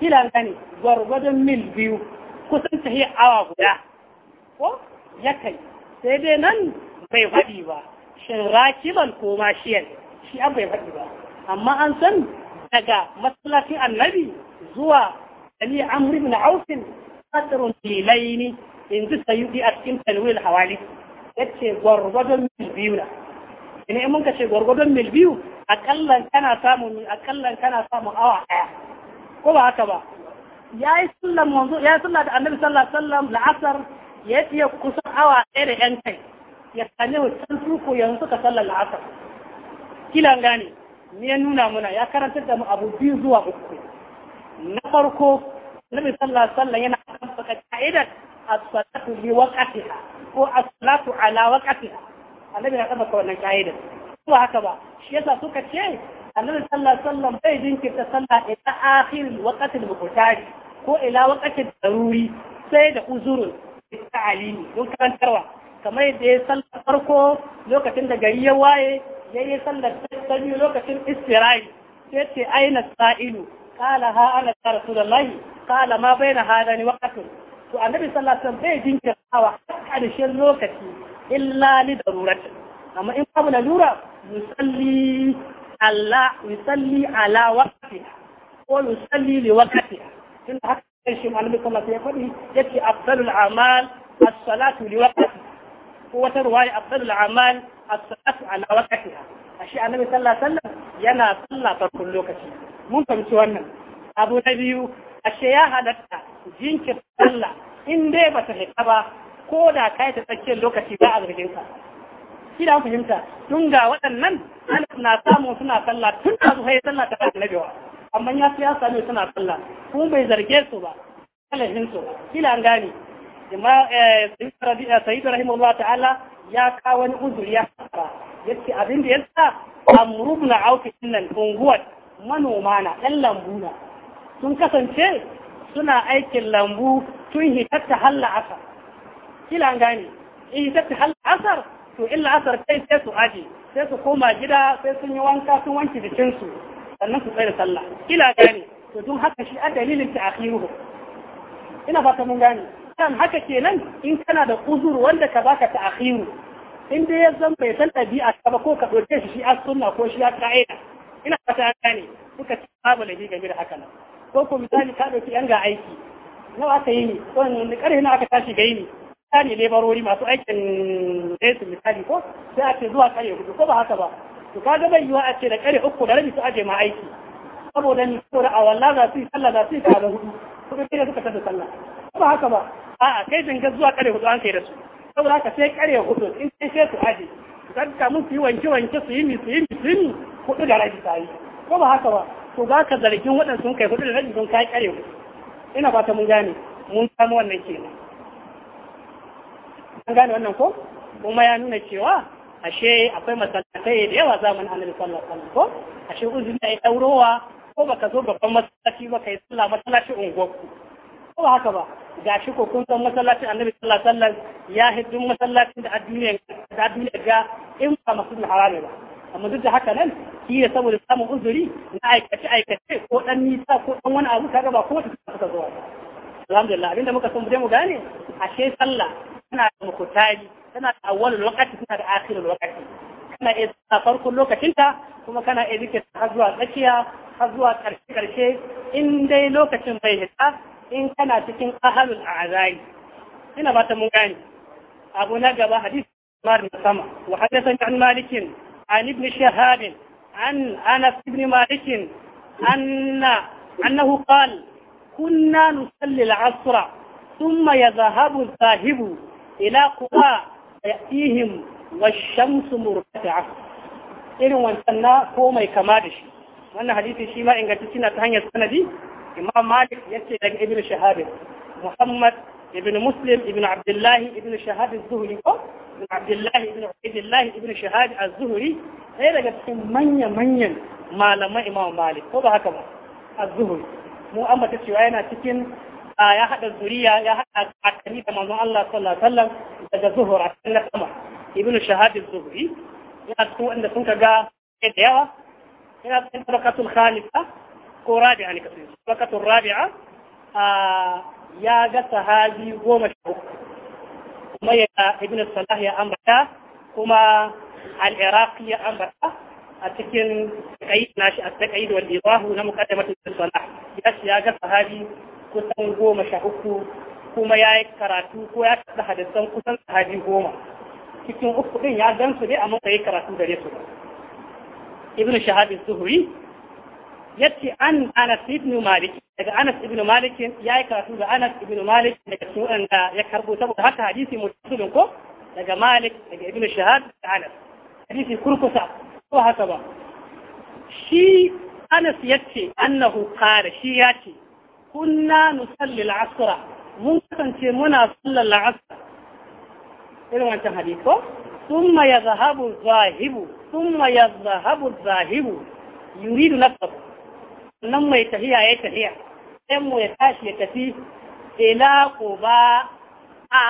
kila gani gwargwadon mil biyu kusan tahiyar awa guda ko ya kai sai dai nan bai faɗi ba shin rakiban ko mashiyan shi an bai faɗi ba amma an san daga masallacin annabi zuwa ali amr ibn auf qatrun lilaini in ji sayudi a cikin talwil hawali yace gwargwadon mil biyu na ina in mun ka ce gwargwadon mil biyu akallan kana samu min akallan kana samu awa ɗaya, ko ba haka ba yayi sallan manzo yayi sallah da annabi sallallahu alaihi wasallam la'asar ya tiya kusan awa ɗaya da yan kai ya sani wancan turko yanzu ka sallar la'asar kila gane ni ya nuna muna ya karanta da mu abu biyu zuwa uku na farko annabi sallallahu alaihi wasallam yana tabbata ka'idar as-salatu bi waqtiha ko as-salatu ala waqtiha annabi ya tabbata wannan ka'idar su haka ba shi yasa suka ce annabi sallallahu alaihi wasallam bai jinkirta sallah ila akhir waqt al-muqtari ko ila waqt daruri sai da uzurin ta'alimi don karantarwa kamar yadda ya sallar farko lokacin da gari ya waye ya yi sallar ta biyu lokacin istirahi sai ce aina sa'ilu qala ha ana ta rasulullahi kala ma baina hadani hada ni wakatun to annabi sallallahu alaihi wasallam bai jinkirtawa har ƙarshen lokaci illa li daruratin amma in babu lalura yusalli ala yusalli ala waqti ko yusalli li waqti in haka sai shi malami kuma sai ya faɗi yace afdalul a'mal as-salatu li waqti ko wata ruwaya afdalul a'mal as-salatu ala waqtiha ashi annabi sallallahu alaihi wasallam yana sallah farkon lokaci mun fahimci wannan abu na biyu ashe ya halatta jinkir sallah in dai bata hita ba ko da kai ta tsakiyar lokaci ba a zargin kila an fahimta tun ga waɗannan ana na samu suna sallah tun da su hayi sallah ta annabiwa amma ya fi ya suna sallah kuma bai zarge su ba kalahin su kila an gani. imma eh, eh, sayyid rahimahullah ta'ala ya kawo wani uzuri ya fara yace abin da yasa amrubna auki nan unguwar manoma na ɗan lambu na sun kasance suna aikin lambu tun hitatta halla asar kila an in hitatta halla asar to illa la'asar kai sai su aje sai su koma gida sai sun yi wanka sun wanke jikinsu sannan su tsaye da sallah kila gane to tun haka shi a dalilin ta akhiruhu ina fata mun gane kan haka kenan in kana da uzur wanda ka baka ta akhiru in dai ya zan bai san ɗabi'a ka ba ko ka ɗauke shi shi a sunna ko shi ka'ida ina fata gane suka ci babu lahi game da haka nan ko ko misali ka ɗauki yan ga aiki nawa aka yi ne ko wani ƙarfi na aka tashi ga yi ni? ne lebarori masu aikin ɗaya misali ko sai a ce zuwa kare hudu ko ba haka ba to kaga bai yiwa a ce da kare uku da rabi su aje ma aiki saboda ni so a walla za su yi sallah za su yi kare hudu ko kai da suka tafi sallah ko ba haka ba a'a kai dinga zuwa kare hudu an kai da su saboda haka sai kare hudu in sai sai su aje kan ka mun yi wanke wanke su yi mi su yi mi su yi hudu da rabi sai ko ba haka ba to ba ka zargin waɗansu kai hudu da rabi sun kai kare hudu ina ta mun gane mun samu wannan kenan an gane wannan ko kuma ya nuna cewa ashe akwai masallatai da yawa zamanin annabi sallallahu alaihi wasallam ko ashe uzuri ya daurowa ko baka zo babban masallaci ba kai sallah masallaci unguwarku ko ba haka ba gashi ko kun san masallacin annabi sallallahu alaihi wasallam ya hiddu masallacin da duniya da duniya ga in ba masjidul harami ba amma duk da haka nan shi ne saboda samun uzuri na aikace aikace ko dan nisa ko dan wani abu kaga ba ko ta zo zuwa alhamdulillah abinda muka san mu gane ashe sallah kana da mukutari kana da awwalul waqti kana da akhirul waqti kana iya zuwa lokacin ta kuma kana iya rike hazuwa tsakiya hazuwa karshe karshe in dai lokacin bai hita in kana cikin ahalul a'zai ina ba ta mun gani abu na gaba hadith mar sama wa سما an malik an ibn shahab an عن ibn malik anna annahu qala kunna nusalli al العصر ثم يذهب الذاهب ila kuma ya'ihim washamsu murta'a irin wancan na ko mai kama da shi wannan hadisi shi ma ingantacci na ta hanyar sanadi imam malik yace daga ibnu shahab muhammad ibn muslim ibn abdullahi ibn shahab zuhuri ko ibn abdullahi ibn ubaydillah ibn shahab zuhuri zuhri sai daga cikin manya manyan malaman imam malik ko ba haka ba a zuhri mu amma ta cewa yana cikin ya haɗa zuriya ya haɗa akami da manzon Allah sallallahu alaihi wasallam daga zuhur a na kama ibnu shahab az-zuhri yana cikin wanda sun ka ga da yawa yana cikin tabaqatul khamisa ko rabi'a ne kace tabaqatul rabi'a ya ga sahabi goma sha uku kuma ya ga ibnu salah ya ambata kuma al-iraqi ya ambata a cikin takaid nashi a takaid wal idahu na muqaddimatul salah ya ya ga sahabi kusan goma sha uku kuma ya yi karatu ko ya taɓa hadisan kusan sahabi goma cikin uku ɗin ya gan su ne amma bai karatu gare su ba ibn shahab zuhri yace an anas ibn malik daga anas ibn malik ya yi karatu da anas ibn malik daga cikin wanda ya karbo saboda haka hadisi musulun ko daga malik daga ibn shahab da anas hadisi kurkusa ko haka ba shi anas yace annahu qala shi yace kunna nusalli al'asra mun kasance muna sallar al'asra irin wancan hadisi ko thumma yadhhabu zahibu thumma yadhhabu zahibu yuridu nan mai tahiya ya tahiya sai mu ya tashi ya tafi ila quba a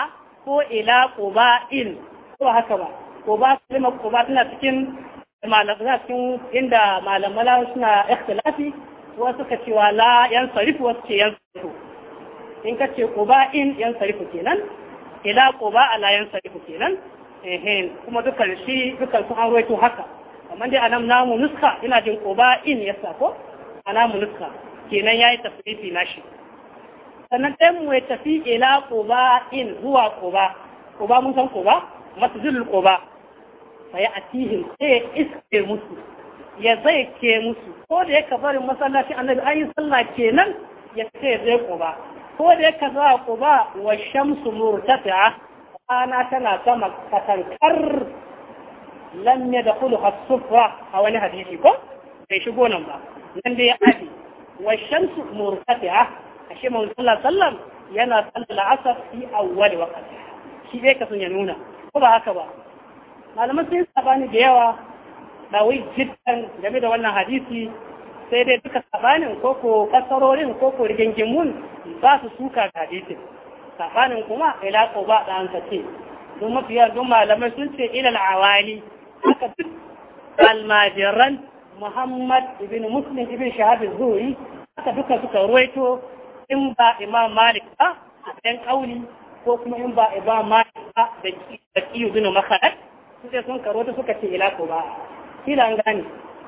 ko ila quba in ko haka ba quba kalmar quba tana cikin malamai cikin inda malamai suna ikhtilafi wasu ce wa la yan sarifu wasu ce yan sarifu in ka ce ko in yan sarifu kenan ila ba ala yan sarifu kenan ehe kuma dukkan shi dukkan sun an roito haka amma dai anan namu nuska ina jin ko ba in ya ko ana mu nuska kenan yayi tafsiri na shi sannan dai mu ya tafi ila ba in zuwa ko ba. Ko ba mun san ko ba masjidul ba fa ya atihim sai iske musu ya zai ke musu ko da ya kabarin masallaci annabi an yi sallah kenan ya ce zai kuba ko da ya a kuba wa shamsu murtafi'a rana tana sama katankar lam ya da kudu hasufra a wani hadisi ko bai shigo nan ba nan dai ya adi wa shamsu murtafi'a a shi mawun sallah sallam yana sallah asar fi awwal waqti shi dai ka sun ya nuna ko ba haka ba malaman sun sabani da yawa ɗawai jiddan game da wannan hadisi sai dai duka sabanin koko kasarorin koko rigingimun ba su suka ga hadisi sabanin kuma ila ko ba da hanka ce don mafiya don malamai sun ce ilal awali haka duk almajiran muhammad ibn muslim ibn shahab zuhri haka duka suka ruwaito in ba imam malik ba a ɗan ƙauli ko kuma in ba imam malik ba da kiyu bin makarar ce sun karo ta suka ce ila ko ba kila an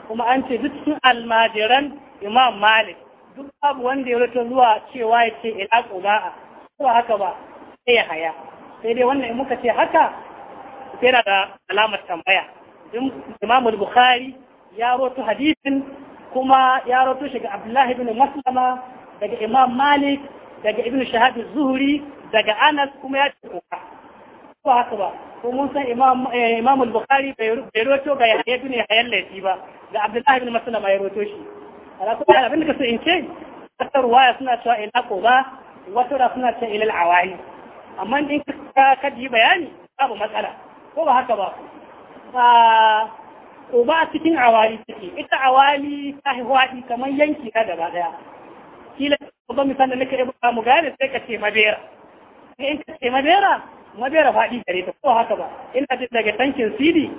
kuma an ce duk sun almajiran imam malik duk babu wanda ya rato zuwa cewa ya ce ila quba'a ko haka ba sai ya haya sai dai wannan muka ce haka yana da alamar tambaya imam al-bukhari ya roto hadisin kuma ya shi ga abdullahi ibn maslama daga imam malik daga ibn shahab az-zuhri daga anas kuma ya ce ko haka ba ko mun san imam eh, al-bukhari bai roto ga yaya bin yahya laifi ba ga abdullahi bin maslama ya roto shi ala kuma abin da kasu in ce wata ruwaya suna cewa ila ba. wata ruwa suna cewa ila al-awali amma in ka kaji bayani babu matsala ko ba haka ba ko ba cikin awali take ita awali ta haihuwaɗi kamar yanki ka gaba daya. kila ba misali da nake mu gane sai ka ce madera in ka ce madera mabiyar faɗi gare ta ko haka ba ina jin daga tankin cd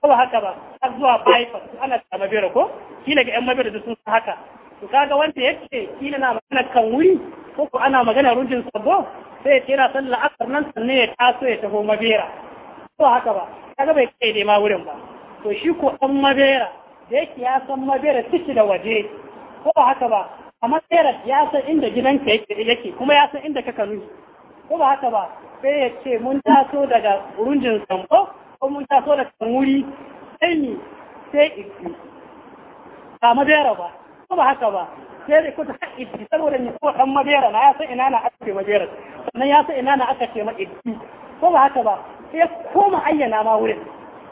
ko haka ba har zuwa bypass ana ta mabiyar ko kila ga yan mabiyar da sun san haka to kaga wanda yake kila na magana kan wuri ko ko ana magana rujin sabo sai ya tera sallah la'asar nan sannan ya taso ya taho mabera. ko haka ba kaga bai kai dai ma wurin ba to shi ko an mabera, da yake ya san mabera ciki da waje ko haka ba a madera ya san inda gidanka yake kuma ya san inda ka kanu ko ba haka ba sai ya ce mun taso daga runjin sambo ko mun taso daga wuri sai ni sai isi ba madera ba ko ba haka ba sai da kuta haƙi isi saboda ni ko ɗan madera na ya san ina na aka ce madera sannan ya san ina na aka ce ma ko ba haka ba sai koma ayyana ma wurin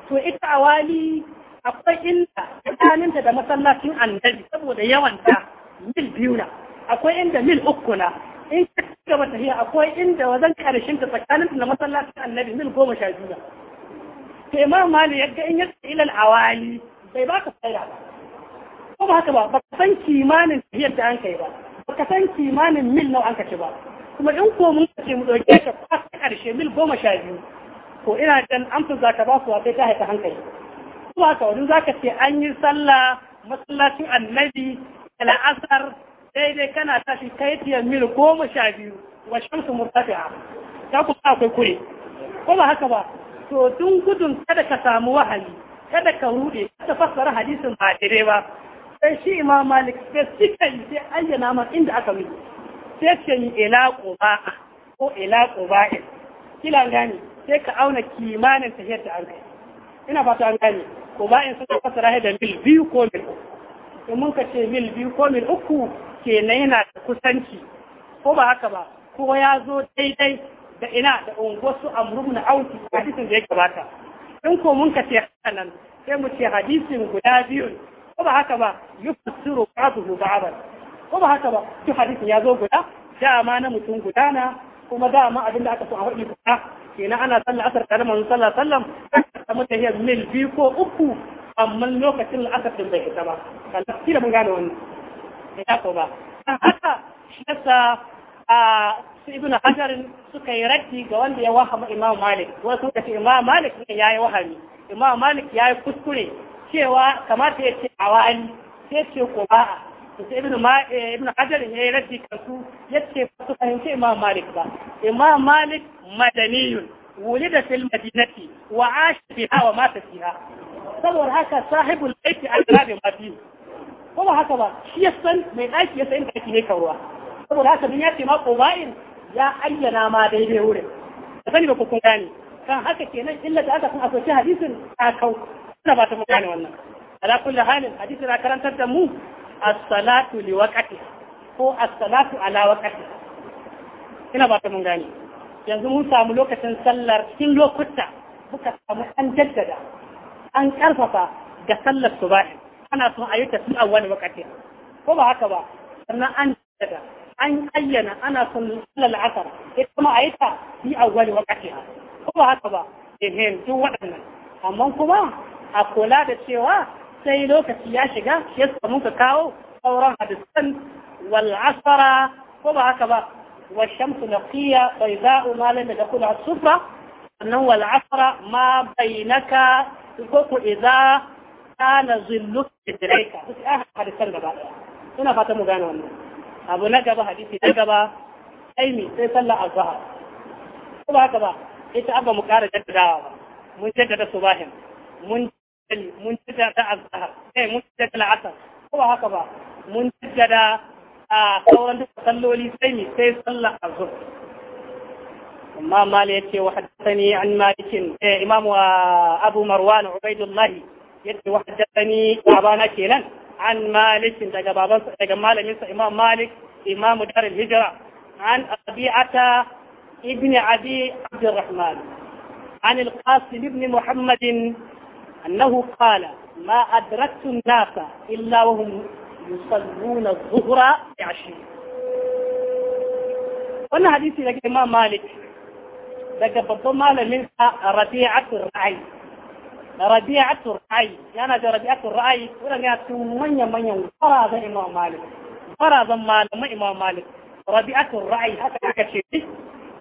to ita awali akwai inda tsakaninta da masallacin annabi saboda yawanta mil biyu na akwai inda mil uku na in ka gaba tafiya akwai inda wajen karshen ta tsakanin da masallacin annabi mil goma sha biyu ba. to imam mali ga in yadda ilal awali bai baka tsaya ba ko ba haka ba ba ka san kimanin tafiyar da an kai ba ba ka san kimanin mil nawa an ka ci ba kuma in ko mun ce mu dauke ka ta karshe mil goma sha biyu ko ina dan amsa za ka ba su sai ta haika hankali ko ba haka wani za ka ce an yi sallah masallacin annabi ala dai kana tashi kai tiyar mil goma sha biyu wa shamsu murtafi'a ta kuma akwai kure ko ba haka ba to tun gudun kada ka samu wahali, kada ka rude ka fassara hadisin ba dare ba sai shi imam malik specifically sai ayyana ma inda aka yi sai ce ni ila quba ko ila quba kila gani sai ka auna kimanin ta yadda an kai. ina fata an gane quba in suka fassara da mil biyu ko mil uku mun ka ce mil biyu ko mil uku kenan yana da kusanci ko ba haka ba ko ya zo daidai da ina da unguwarsu amrum na auki hadisin da ya gabata in ko mun ka ce nan, sai mu ce hadisin guda biyun ko ba haka ba yufassiru ba'dahu ba'dan ko ba haka ba shi hadisin ya zo guda dama na mutum guda na kuma dama abin da aka so a faɗi guda kenan ana sallah asar tare manzo sallallahu alaihi wasallam ta mutahiyar mil biyu ko uku amma lokacin la'asar din bai fita ba kana kira mun gane wannan bai taso ba haka shi yasa a su ibn hajar suka yi raddi ga wanda ya wahama imam malik wasu suka ce imam malik ne ya yi wahami imam malik ya yi kuskure cewa kamata ya ce a wa'ani sai ce ko ba ibn eh, ibn hajar ya yi raddi kan su ya ce ba su fahimci imam malik ba imam malik madaniyun da ولد في المدينة fiha wa mata fiha saboda haka sahibul aiki an rabe ma biyu ko ba haka ba shi ya san mai ɗaki ya san inda ake ne ruwa saboda haka mun ya ce ma ƙoba'in ya ayyana ma daidai wurin da sani ba ku kun gane kan haka kenan illa da aka kun asoci hadisin ta kau ina ba ta mun gane wannan ala kulli halin hadisin na karantar da mu as-salatu li waqti ko as-salatu ala waqti ina ba ta mun gane yanzu mun samu lokacin sallar cikin lokuta muka samu an jaddada an karfafa ga sallar subahi ana son a yi ta wani wakati ko ba haka ba sannan an daga an ayyana ana son sallar asar ita kuma a yi ta fi a wani wakati ko ba haka ba ehem duk waɗannan amma kuma a kula da cewa sai lokaci ya shiga ya samu ka kawo sauran hadisan wal asara ko ba haka ba wa shamsu naqiya bayda'u ma lam tadkhulha as-sufra sannan wal asara ma bainaka ko ku idza kana zilluk tidraika duk ah hadisan gaba ina fata mu gane wannan abu na gaba hadisi na gaba aimi sai sallar azhar ko ba haka ba ita abba mu kara jaddadawa ba mun jaddada subahin mun mun jaddada azhar sai eh, mun jaddada asar ko ba haka ba mun jaddada a sauran duk salloli sai mi sai sallar azhar amma mali yace wa haddathani an malikin eh, imam ah, abu marwan ubaidullah يدي وحدثني أعبانا كيلا عن مالك تجمال ميسا إمام مالك إمام دار الهجرة عن أبيعة ابن عدي عبد الرحمن عن القاسم ابن محمد أنه قال ما أدركت الناس إلا وهم يصلون الظهر بعشرين وانا حديثي لك إمام مالك لك ببطو مالا منها رفيعة الرعي rabi'atul ra'ayi yana da rabi'atul ra'ayi wannan ya cikin manyan manyan farazan imam malik farazan malaman imam malik rabi'atul ra'ayi haka aka ce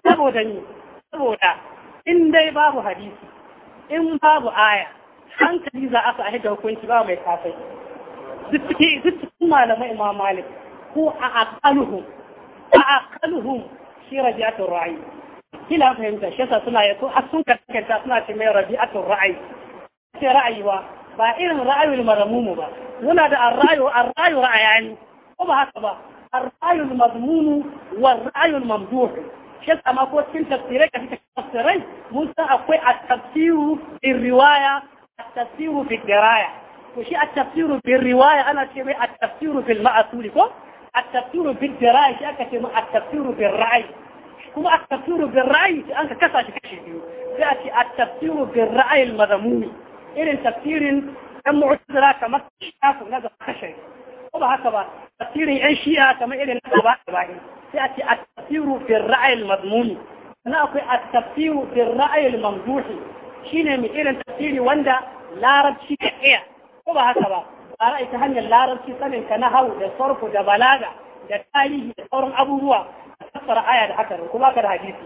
saboda ni saboda in dai babu hadisi in babu aya hankali za a sahi da hukunci ba mai kafai duk cikin malaman imam malik ko a aqaluhum a aqaluhum shi rabi'atul ra'ayi kila fahimta shi yasa suna yato a sun karkata suna ce mai rabi'atul ra'ayi ce ra'ayi ba ba irin ra'ayin maramumu ba muna da arrayu arrayu ra'ayani ko ba haka ba arrayul mazmunu wa ra'ayul mamduh shi sama ko cikin tafsirai ka cikin tafsirai mun san akwai at-tafsiru bin riwaya at-tafsiru bi diraya to shi at-tafsiru bin riwaya ana ce mai at-tafsiru bil ma'asuli ko at-tafsiru bi diraya shi aka ce mu at-tafsiru bil ra'ayi kuma at-tafsiru bil ra'ayi an ka kasa shi kashi biyu sai a ce at-tafsiru bil ra'ayil mazmuni irin tafsirin ɗan mu'tazila kamar shafu na gaba kashe ko ba haka ba tafsirin yan shi'a kamar irin na gaba da bayan sai a ce a tafsiru fi ra'ayil mazmuni sannan akwai a tafsiru fi ra'ayil mamduhi shine mai irin tafsiri wanda larabci ke iya ko ba haka ba ba ra'ayi ta hanyar larabci sanin ka na hau da sarfu da balaga da tarihi da sauran abubuwa a fassara aya da haka ko ba ka da hadisi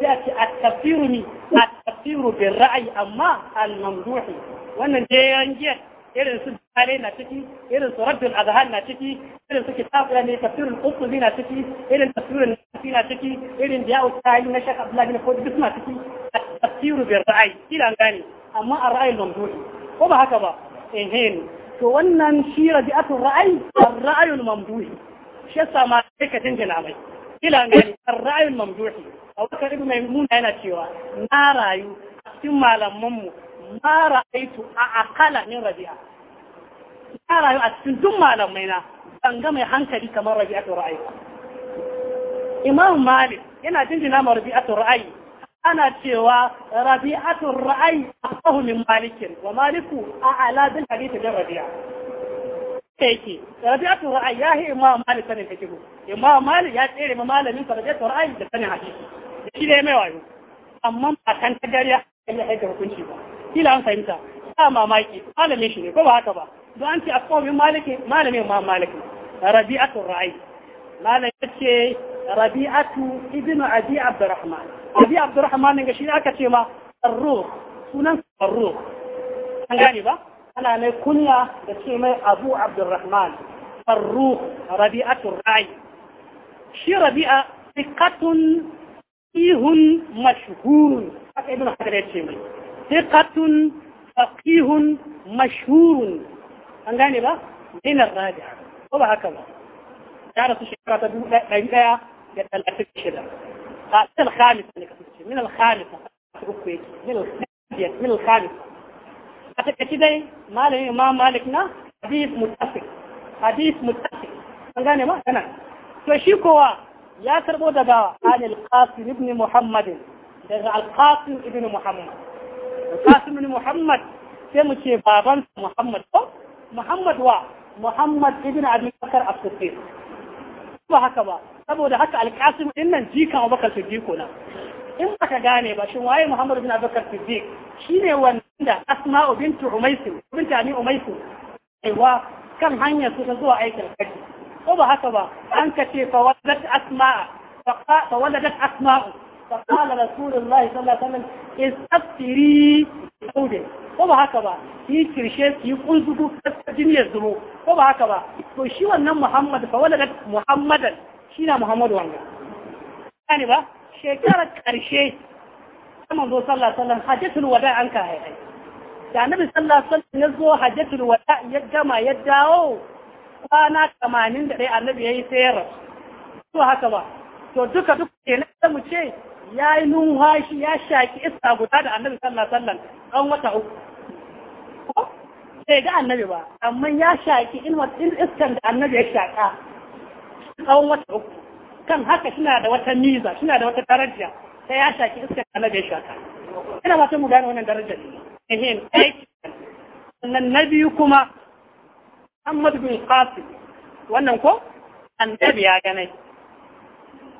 sai a ce a tafsiru ni a tafsiru bin ra'ayi amma al-mamduhi wannan dai yanjiyar irin su Bukhari na ciki irin su Rabbul Azhan na ciki irin su Kitab ne tafsirul Qurtubi na ciki irin tafsirul Nafi na ciki irin Diyau Tahi na Sheikh Abdullahi na Fodi duk na ciki tafsiru bil ra'ayi kila gane amma ar-ra'yi mamduhi ko ba haka ba ehin to wannan shi rabi'atul ra'ayi ar-ra'yu mamduhi shi yasa ma sai ka dingina namai kila gane ar-ra'yu mamduhi abubakar mai maimuna yana cewa na rayu a cikin malamanmu ma ra'aitu a akala min rabi'a na rayu a cikin duk malamai na ban ga mai hankali kamar rabi'atu ra'ayi imam malik yana jinjina ma rabi'atu ra'ayi ana cewa rabi'atu ra'ayi afahu min malikin wa maliku a ala bil hadith rabi'a yake rabi'atu ra'ayi ya hi imam malik sanin fikihu imam malik ya tsere ma malamin sa rabi'atu ra'ayi da sanin hadisi shi ne mai wayo amma ba kan ta gariya ya aika hukunci ba kila an fahimta ba mamaki malamin shi ne ko ba haka ba don an ce a komin maliki malamin ma maliki rabi'atu ra'ayi malam yace rabi'atu ibnu abi abdurrahman abi abdurrahman ne shi aka ce ma arruh sunan arruh an gane ba ana mai kunya da ce mai abu abdurrahman arruh rabi'atu ra'ayi shi rabi'a thiqatun فقيه مشهور ابن حضرتي من ثقة فقيه مشهور أنغاني با دين الرادع هو هكذا كان تشكرة بيقول لا يقول لا يقول لا من الخامسة من الخامسة من الخامسة من الخامسة حتى كتدي ما ما مالكنا حديث متفق حديث متفق أنغاني با أنا فشيكوا ya karbo daga an al-qasim ibn muhammad daga al-qasim ibn muhammad al-qasim ibn muhammad sai mu ce baban muhammad ko muhammad wa muhammad ibn abi bakar as-siddiq ba haka ba saboda haka al-qasim din nan jikan abubakar siddiq na in baka gane ba shin waye muhammad ibn abubakar siddiq shine wanda asma'u bint umaysu bint ani umaysu aiwa kan hanyar su ta zuwa aikin hajji ko ba haka ba an ka ce fa wadat asma'a fa waladat asma'u fa qala rasulullah sallallahu alaihi wasallam istafsiri saude ko ba haka ba yi kirshe yi kunzugu jini ya zubo ko ba haka ba to shi wannan muhammad fa waladat muhammadan shi na muhammadu wanga yani ba shekara karshe ta zo sallallahu alaihi wasallam hajjatul wada an ka haihai da annabi sallallahu alaihi wasallam ya zo hajjatul wada ya gama ya dawo kwana tamanin da dai annabi ya yi sayar to haka ba to duka duka ke na mu ce ya yi numfashi ya shaki iska guda da annabi sallallahu alaihi wasallam wata uku sai ga annabi ba amma ya shaki in iskan da annabi ya shaƙa, ɗan wata uku kan haka suna da wata niza suna da wata daraja sai ya shaki iskan da annabi ya shaƙa. ina ba mu gane wannan darajar ehem aiki sannan na biyu kuma Muhammad bin Qasim wannan ko annabi ya gane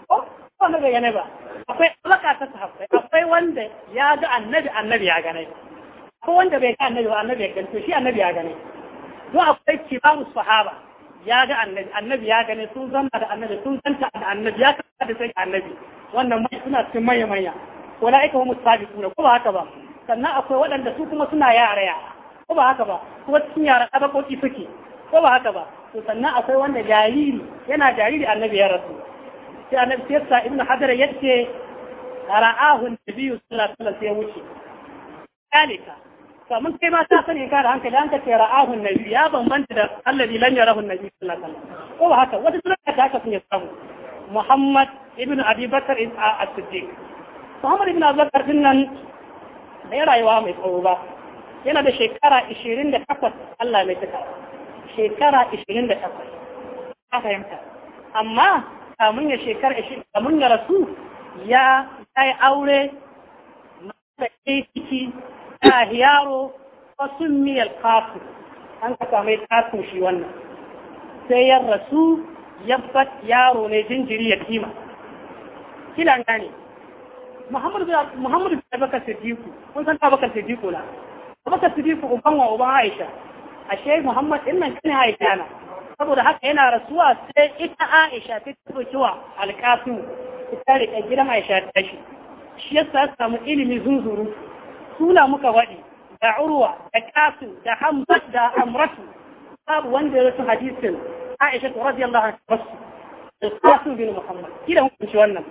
ko wanda bai gane ba akwai alaka ta sahaba akwai wanda ya ga annabi annabi ya gane akwai wanda bai ga annabi ba annabi ya gane to shi annabi ya gane don akwai kibaru sahaba ya ga annabi annabi ya gane sun zama da annabi sun zanta da annabi ya kasa da sai annabi wannan mai suna cikin manya manya wala aika hum sabiqun ko ba haka ba sannan akwai waɗanda su kuma suna yara yara ko ba haka ba kuma cikin yara abokoki suke ko ba haka ba to sannan akwai wanda jariri yana jariri annabi ya rasu sai annabi sai sa ibnu hadar yace ra'ahu an-nabiyyu sallallahu alaihi wasallam sai wuce dalika to mun kai ma ta sani ka da hankali an ka ce ra'ahu an-nabiyyu ya bambanta da alladhi lam yarahu an-nabiyyu sallallahu alaihi wasallam ko ba haka wata sunna ta haka sun ya samu Muhammad ibn Abi Bakar as-Siddiq Muhammad ibn Abi Bakar din nan bai rayuwa mai tsawo ba yana da shekara 28 Allah mai tsaka shekara 28 ka fahimta amma kamun ya shekara kamun ya rasu ya yi aure mata ciki ta yaro wasu miyar kafin an ka samai kafin shi wannan sai ya rasu ya yabbat yaro ne jinjiri ya kima kila gane muhammadu bin baka sadiku, kun san baka sadiku na abubakar siddiqu uban wa uban aisha الشيخ محمد إمن كان هاي كان أبدا حتى هنا رسوة إتا آئشة تتبجوع على كاسم بالتالي أجل ما يشاهد تشي الشيخ سأسهم إلي مزنزر سولة مكوالي دا عروة دا كاسو دا حمد دا أمرسو قال واندر رسو حديث عائشة رضي الله عنه رسو القاسو بن محمد كلا هم شوانا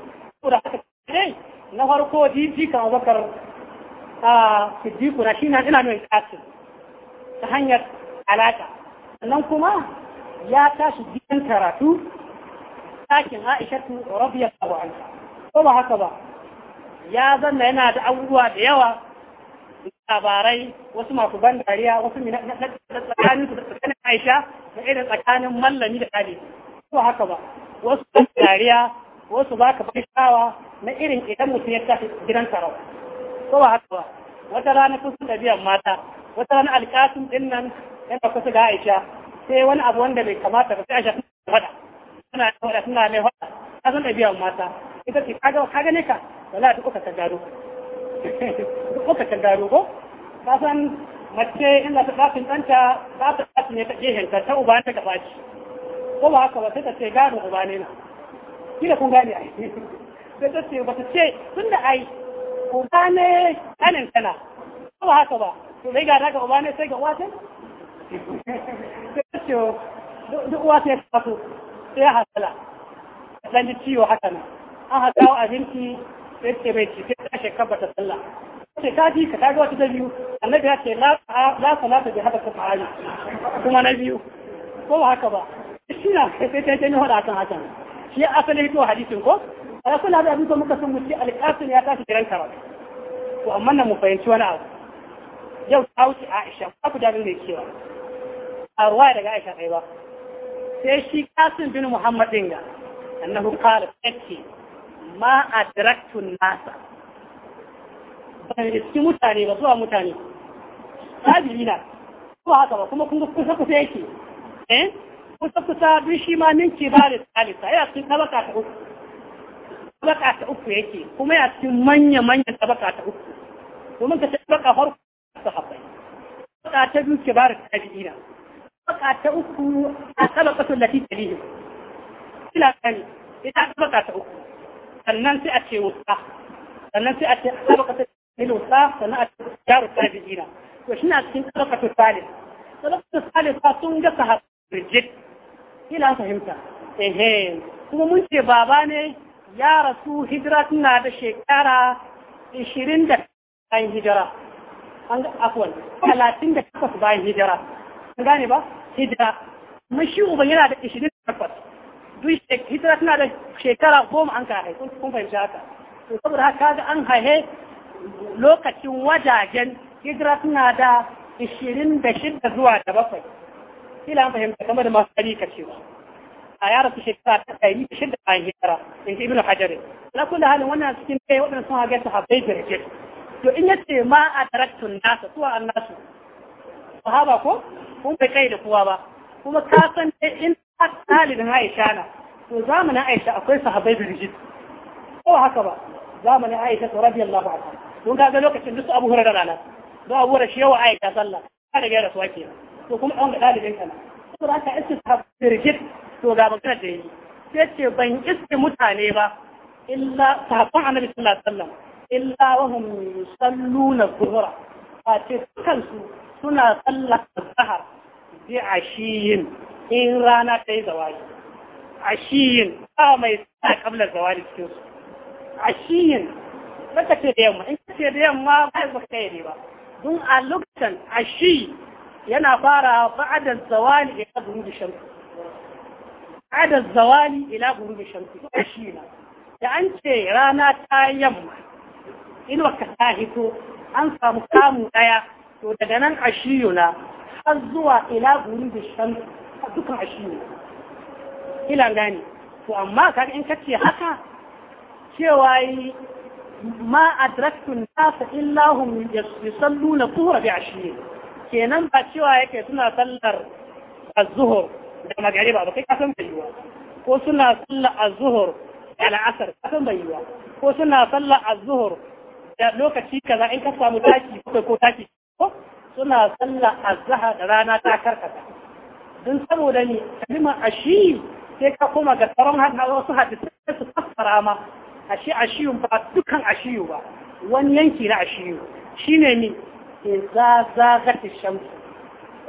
أبدا حتى تتبجوع نهار قوة دي دي آه في الديكو ناشينا إلا من كاسو تهنيت alaka sannan kuma ya tashi gidan karatu ɗakin aishatu rabiya abu anha ko ba haka ba ya zanna yana da abubuwa da yawa labarai wasu masu ban dariya wasu na tsakanin tsakanin aisha da irin tsakanin mallami da ɗalibi ko haka ba wasu ban dariya wasu ba ka fashawa na irin idan mutum ya tafi gidan karau ko ba haka ba wata rana sun da biyan mata wata rana alƙasun ɗin nan yana kusa da Aisha sai wani abu wanda bai kamata ba sai Aisha tana faɗa tana faɗa tana mai faɗa ta san ɗabi'ar mata ita ce kaga ka gane ka wala duk ka gado duk ka gado ko ka san mace in za ta ɗafin ɗanta za ta ɗafi ne ta gehenta ta uba ta gaba ci ko ba haka ba sai ta ce gado uba ne na kila kun gane ai (laughs) sai ta ce ba ta ce tun da ai uba ne kanin tana ko ba haka ba to zai gada ga uba ne sai ga uwa duk uwa sai kasu sai ya hasala zan ciwo haka nan an hasawa abinci sai ce bai ci sai ta shekaba ta sallah ce ka ji ka kaga wata da biyu annabi ya ce la salata bi hada kuma na biyu ko ba haka ba shi na sai ta ce ni hada kan haka shi asali hito hadisin ko abin muka ya tashi jiran to amma mu fahimci wani abu yau ta wuce Aisha ku da ne kewa a ruwa daga aisha kai ba sai shi kasim bin muhammad din ga annahu qala yake ma adraktu nasa ban riski mutane ba zuwa mutane tabi'i na ko haka ba kuma kun kusa kusa yake eh kusa kusa duk shi ma min kibarin salisa yana cikin tabaka ta uku tabaka ta uku yake kuma yana cikin manya manyan tabaka ta uku domin ka ce tabaka farko sahabbai tabaka ta biyu kibarin tabi'ina baka ta uku a sabaka lati talihi ila kan ita sabaka ta uku sannan sai a ce wuta. sannan sai a ce a sabaka ta talihi wuta. sannan a ce jaru tabi'ina to shi na cikin sabaka ta salih sabaka ta salih fa sun ga sahabbai ila fahimta ehe kuma mun ce baba ne ya rasu hijira tana da shekara ishirin da ta bayan hijira an ga afwan 38 bayan hijira an gane ba hijira mun shi uban yana da 28 duk hijira tana da shekara goma an kare kun fahimci haka to saboda haka kaga an haihe lokacin wajajen hijira tana da 26 zuwa da bakwai kila an fahimta kamar da masu tsari ka cewa a yara su shekara ta ɗari da shida bayan hijira in ji ibnu hajar na kula halin wannan cikin kai waɗanda sun haga su habbai birjit to in yace ma a taraktun nasa suwa an nasu sahaba ko kun bai kai da kowa ba kuma ka san dai in ɗalibin Aisha na to zamanin Aisha akwai sahabbai birjit ko haka ba zamanin Aisha to radiyallahu anha kun ga lokacin duk Abu Hurairah rana don Abu Hurairah shi yawa Aisha sallah ka da gaira suwa kenan to kuma an ga ɗalibin kana saboda haka iske sahabbai birjit to ga magana da yi sai ce ban iske mutane ba illa sahabban annabi sallallahu alaihi wasallam illa wahum yusalluna dhuhra fa ce kansu suna sallar zahar a ashiyin in rana ta yi zawali ashiyin ba mai sa kabla zawali cikin su ashiyin ka ce da yamma in ka ce da yamma ba ba ka yi ba Don a lokacin a shi yana fara ba'da zawali ila ghurubi shamsi ba'da zawali ila ghurubi shamsi ashi na da an ce rana ta yamma in ka ta hito an samu kamu daya to daga nan a ashiyuna har zuwa ila guri da shan dukan ashi ne ila gani to amma kaga in kace haka cewa yi ma adraktu nasa illa hum yusalluna tuhra bi ashi kenan ba cewa yake suna sallar az-zuhur da magariba ba kai ka san bai ko suna sallar az-zuhur da al-asr ka san bai ko suna sallar az-zuhur da lokaci kaza in ka samu taki ko ko taki suna sallah azhar rana ta karkata don saboda ni kalmar ashi sai ka koma ga tsaron haka wasu hadisai su fassara ma ashe ashiyu ba dukan ashiyu ba wani yanki na ashiyu shine ni idza zagati shamsu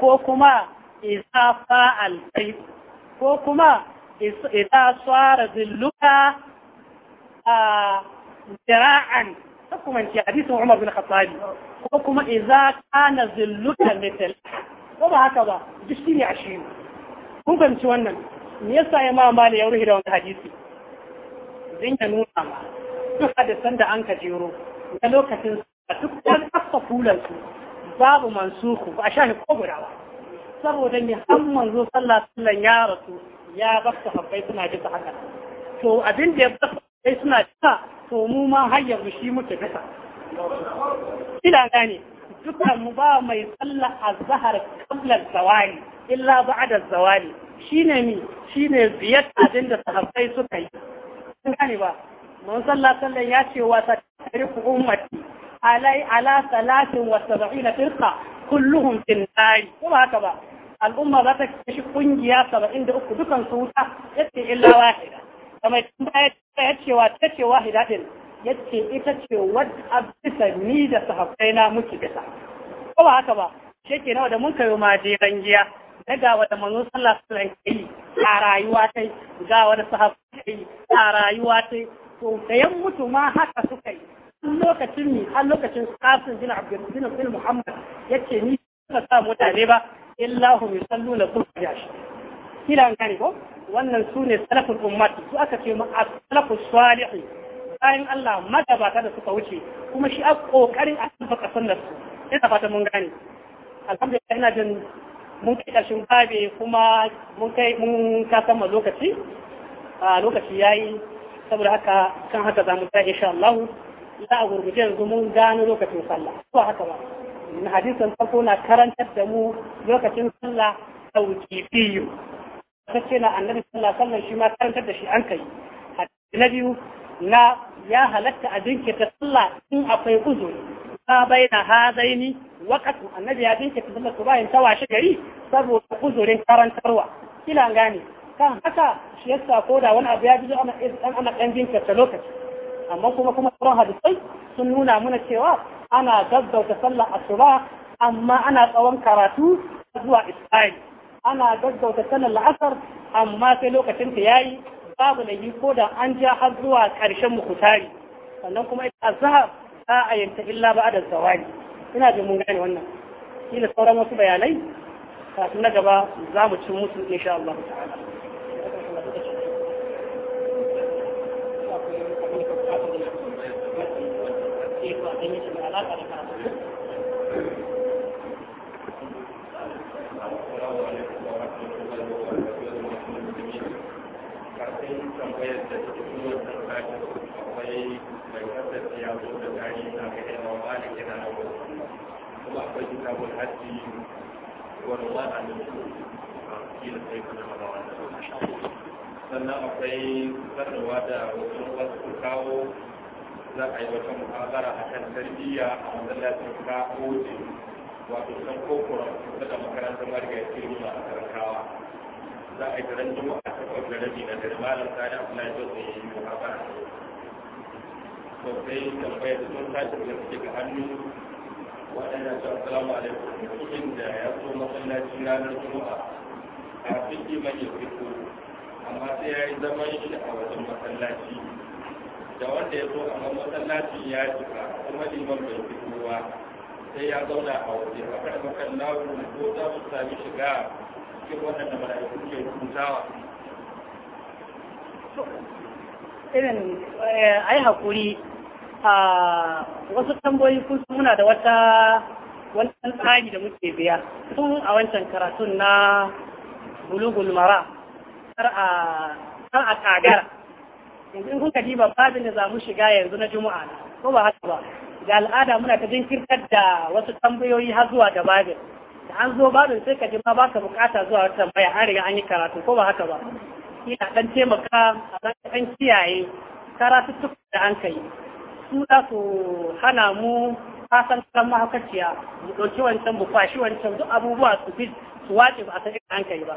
ko kuma idza fa'al bayt ko kuma idza tsara zilluka a kuma hukumanci hadisin Umar bin Khattabi ko kuma iza kana zilluka mital ko ba haka ba duk shine ashirin kun fahimci wannan me yasa ya mama ne ya ruhi da wani hadisi zan ya nuna ma duk da sanda an ka jero na lokacin duk an kafa fulan su babu mansuku ba a shahi ko guda ba saboda ne har manzo sallah sallan ya rasu ya bakta habbai suna bisa haka to abin da ya bakta suna bisa to mu ma har yanzu shi muke bisa Ila gane dukkan mu ba mai sallah zahar kamlar zawali illa ba'da zawali ne mi ne biyar abin da sahabbai suka yi Sun gane ba mun tsalla sallan ya ce wa ta tarifu ummati alai ala salatin wa na firka, kulluhun fi tsari, ko kuma haka ba al'umma za ta kashi kungiya 73 dukan su wuta ce illa wahida kamar tun baya ta ce wa ta ce wahida din yace ita ce wadda bisa ni da sahabbai na muke bisa ko ba haka ba sheke nawa da mun kayo majeran giya na ga wada manzo sallallahu alaihi wasallam a rayuwa tai ga wada sahabbai a rayuwa tai to da yan mutu ma haka suka yi lokacin ni har lokacin kasin bin Abdul bin Muhammad yace ni ka sa mutane ba illa hum yusalluna kullu kila an gane ko wannan su ne salafin ummati su aka ce ma salafin salihin bayan Allah magabata da suka wuce kuma shi a kokarin a kan baka sunnar su ina fata mun gane alhamdulillah ina jin mun kai karshen babe kuma mun kai mun kasan lokaci a lokaci yayi saboda haka kan haka za mu ta insha Allah za a gurguje yanzu mun gano lokacin sallah to haka ba na hadisin farko na karantar da mu lokacin sallah tawqifiyu sai ta ce na annabi sallah sallan shi ma karantar da shi an kai na biyu na ya halatta a jinkirta sallah in akwai uzuri ba bai na hazaini wakatu annabi ya jinkirta sallah su bayan ta washe gari saboda uzurin karantarwa kila gane kan haka shi yasa ko da wani abu ya ji ana ana kan jinkirta lokaci amma kuma kuma sauran hadisai sun nuna mana cewa ana gaggauta sallah asuba amma ana tsawon karatu zuwa isra'il ana gaggauta sallar la'asar amma sai lokacin ta yayi babu na yi ko da an ja har zuwa ƙarshen mukutari sannan kuma ita azhar ta ayyanta illa ba da zawali ina jin mun gane wannan shi da sauran wasu bayanai kafin na gaba za mu ci musu insha Allah ta'ala sannan akwai sanarwa da wasu wasu kawo za a yi wata muhazara a kan tarbiyya a masallacin kakoji wato san kokura kusa da makarantar marigayi kirma a karkawa za a yi taron juma'a ta kwan da na da malam sani abdullahi zo da yi muhazara sosai tambaya da sun tashi da suke ga hannu waɗanda su assalamu alaikum mutumin da ya zo masallaci ranar juma'a kafin iman ya fito amma sai ya yi zama shi a wajen masallaci da wanda ya zo amma masallacin ya cika kuma liman bai fito ba sai ya zauna a waje a kan makan nawo ko za su sami shiga cikin da mala'iku ke rubutawa irin eh, a yi haƙuri a wasu tamboyi kun muna da wata wannan tsari da muke biya tun a wancan karatun na bulugul mara kar a tagar, yanzu in kuka diba babin da za mu shiga yanzu na juma'a ko ba haka ba da al'ada muna ta jinkirtar da wasu tambayoyi har zuwa da babin da an zo babin sai ka ji ma baka bukata zuwa wata tambaya an riga an yi karatu ko ba haka ba ina dan taimaka a dan dan kiyaye karatuttuka da an kai su za su hana mu kasan kan mahaukaciya mu ɗauki wancan mu wancan duk abubuwa su fi su wace ba a san an kai ba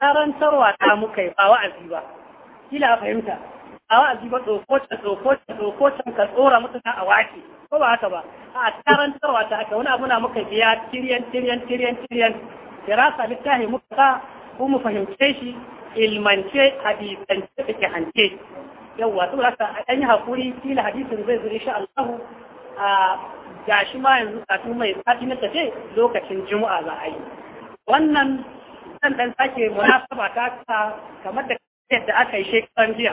karantarwa ta muka yi ba wa'azi ba kila fahimta ba wa'azi ba tsokocin tsokocin tsokocin ka tsora mutu a awaki ko ba haka ba a karantarwa ta haka wani abu na muka ya tiriyan tiriyan tiriyan tiriyan dirasa littafi muka sa ko mu fahimce shi ilmance hadisance da ke hanke yawwa to haka a ɗan yi haƙuri kila hadisin zai zuri insha Allah a gashi ma yanzu kafin mai sati na tafe lokacin juma'a za a yi wannan zan dan sake munasaba ta ka kamar da yadda aka yi shekaran jiya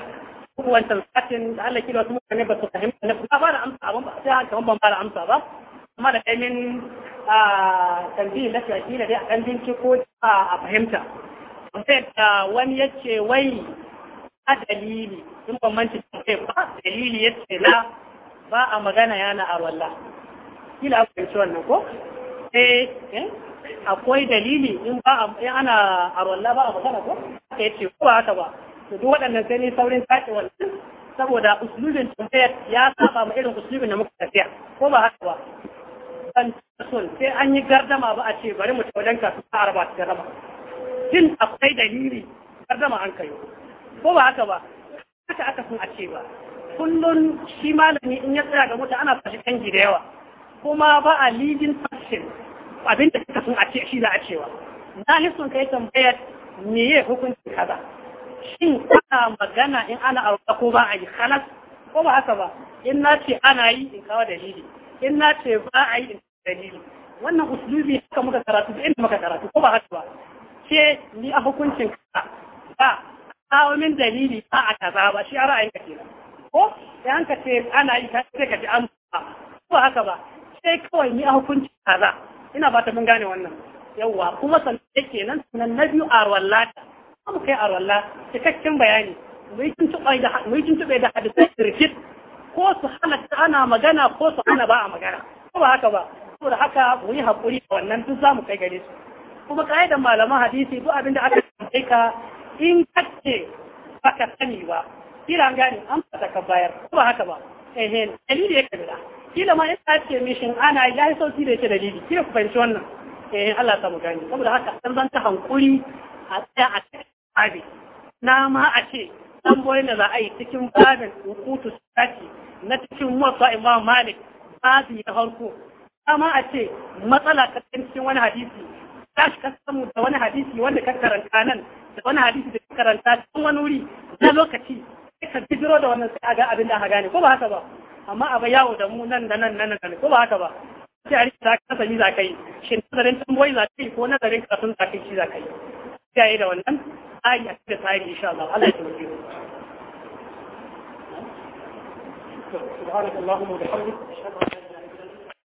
wancan satin da Allah kila wasu mutane ba su fahimta na ba da amsa abin ba sai kamar ban ba da amsa ba amma da ɗaimin tambayi na shaƙi da dai a ɗan binciko a fahimta sai da wani ya ce wai a dalili in ban manci sai ba dalili ya ce na ba a magana yana a walla kila a fahimci wannan ko eh, eh. akwai dalili in ba in ana arwalla ba a magana ko ka yace ko ba haka ba to duk waɗannan sai ne saurin sake wannan saboda uslubin tambayar ya saba ma irin uslubin da muka tafiya ko ba haka ba ban son sai an yi gardama ba a ce bari mu tawadan ka su araba su gardama jin akwai dalili gardama an kayo ko ba haka ba haka aka sun a ce ba kullun shi malami in ya tsaya ga mutane ana fashi kanji da yawa kuma ba a leading fashion abin da suka sun a ce shi za a cewa na hisun kai tambayar me meye hukuncin kaza shin ana magana in ana aure ko ba a yi halas ko ba haka ba in na ce ana yi in kawo dalili in na ce ba a yi in kawo dalili wannan uslubi haka muka karatu da inda muka karatu ko ba haka ba ce ni a hukuncin kaza ba kawo min dalili ba a kaza ba shi a ra'ayin ka kenan ko da ka ce ana yi ka ce ka ji an ba ko ba haka ba sai kawai ni a hukuncin kaza ina fata mun gane wannan yawwa kuma sannan kenan sunan na biyu arwallata mu kai arwalla cikakken bayani mu yi da hadisai rikit ko su halatta ana magana ko su ana ba a magana ko ba haka ba saboda haka mu yi hakuri da wannan duk za mu kai gare su kuma ƙa'idar malaman hadisi duk abin da aka tambaye ka in kace baka sani ba kira gani an fata ka bayar ko ba haka ba eh dalili yake da kila ma ina ce mishin ana ya yi sauki da yake dalili kila ku fahimci wannan eh Allah samu gani saboda haka dan zanta hankuri a tsaya a cikin na ma a ce boye da za a yi cikin babin hukutu sati na cikin muwafa imam malik babi na harko ma a ce matsala ka cikin wani hadisi ka shi samu da wani hadisi wanda ka karanta nan da wani hadisi da ka karanta cikin wani wuri na lokaci sai ka bidiro da wannan sai a ga abin da aka gane ko ba haka ba amma a yawo da mu nan da nan nan nan ko ba haka ba sai a rikita ka sami za ka yi shi nazarin tamboyi za ka yi ko nazarin karatun za ka yi shi za ka yi sai da wannan tsari a cikin tsari insha Allah Allah ya tabbata سبحانك اللهم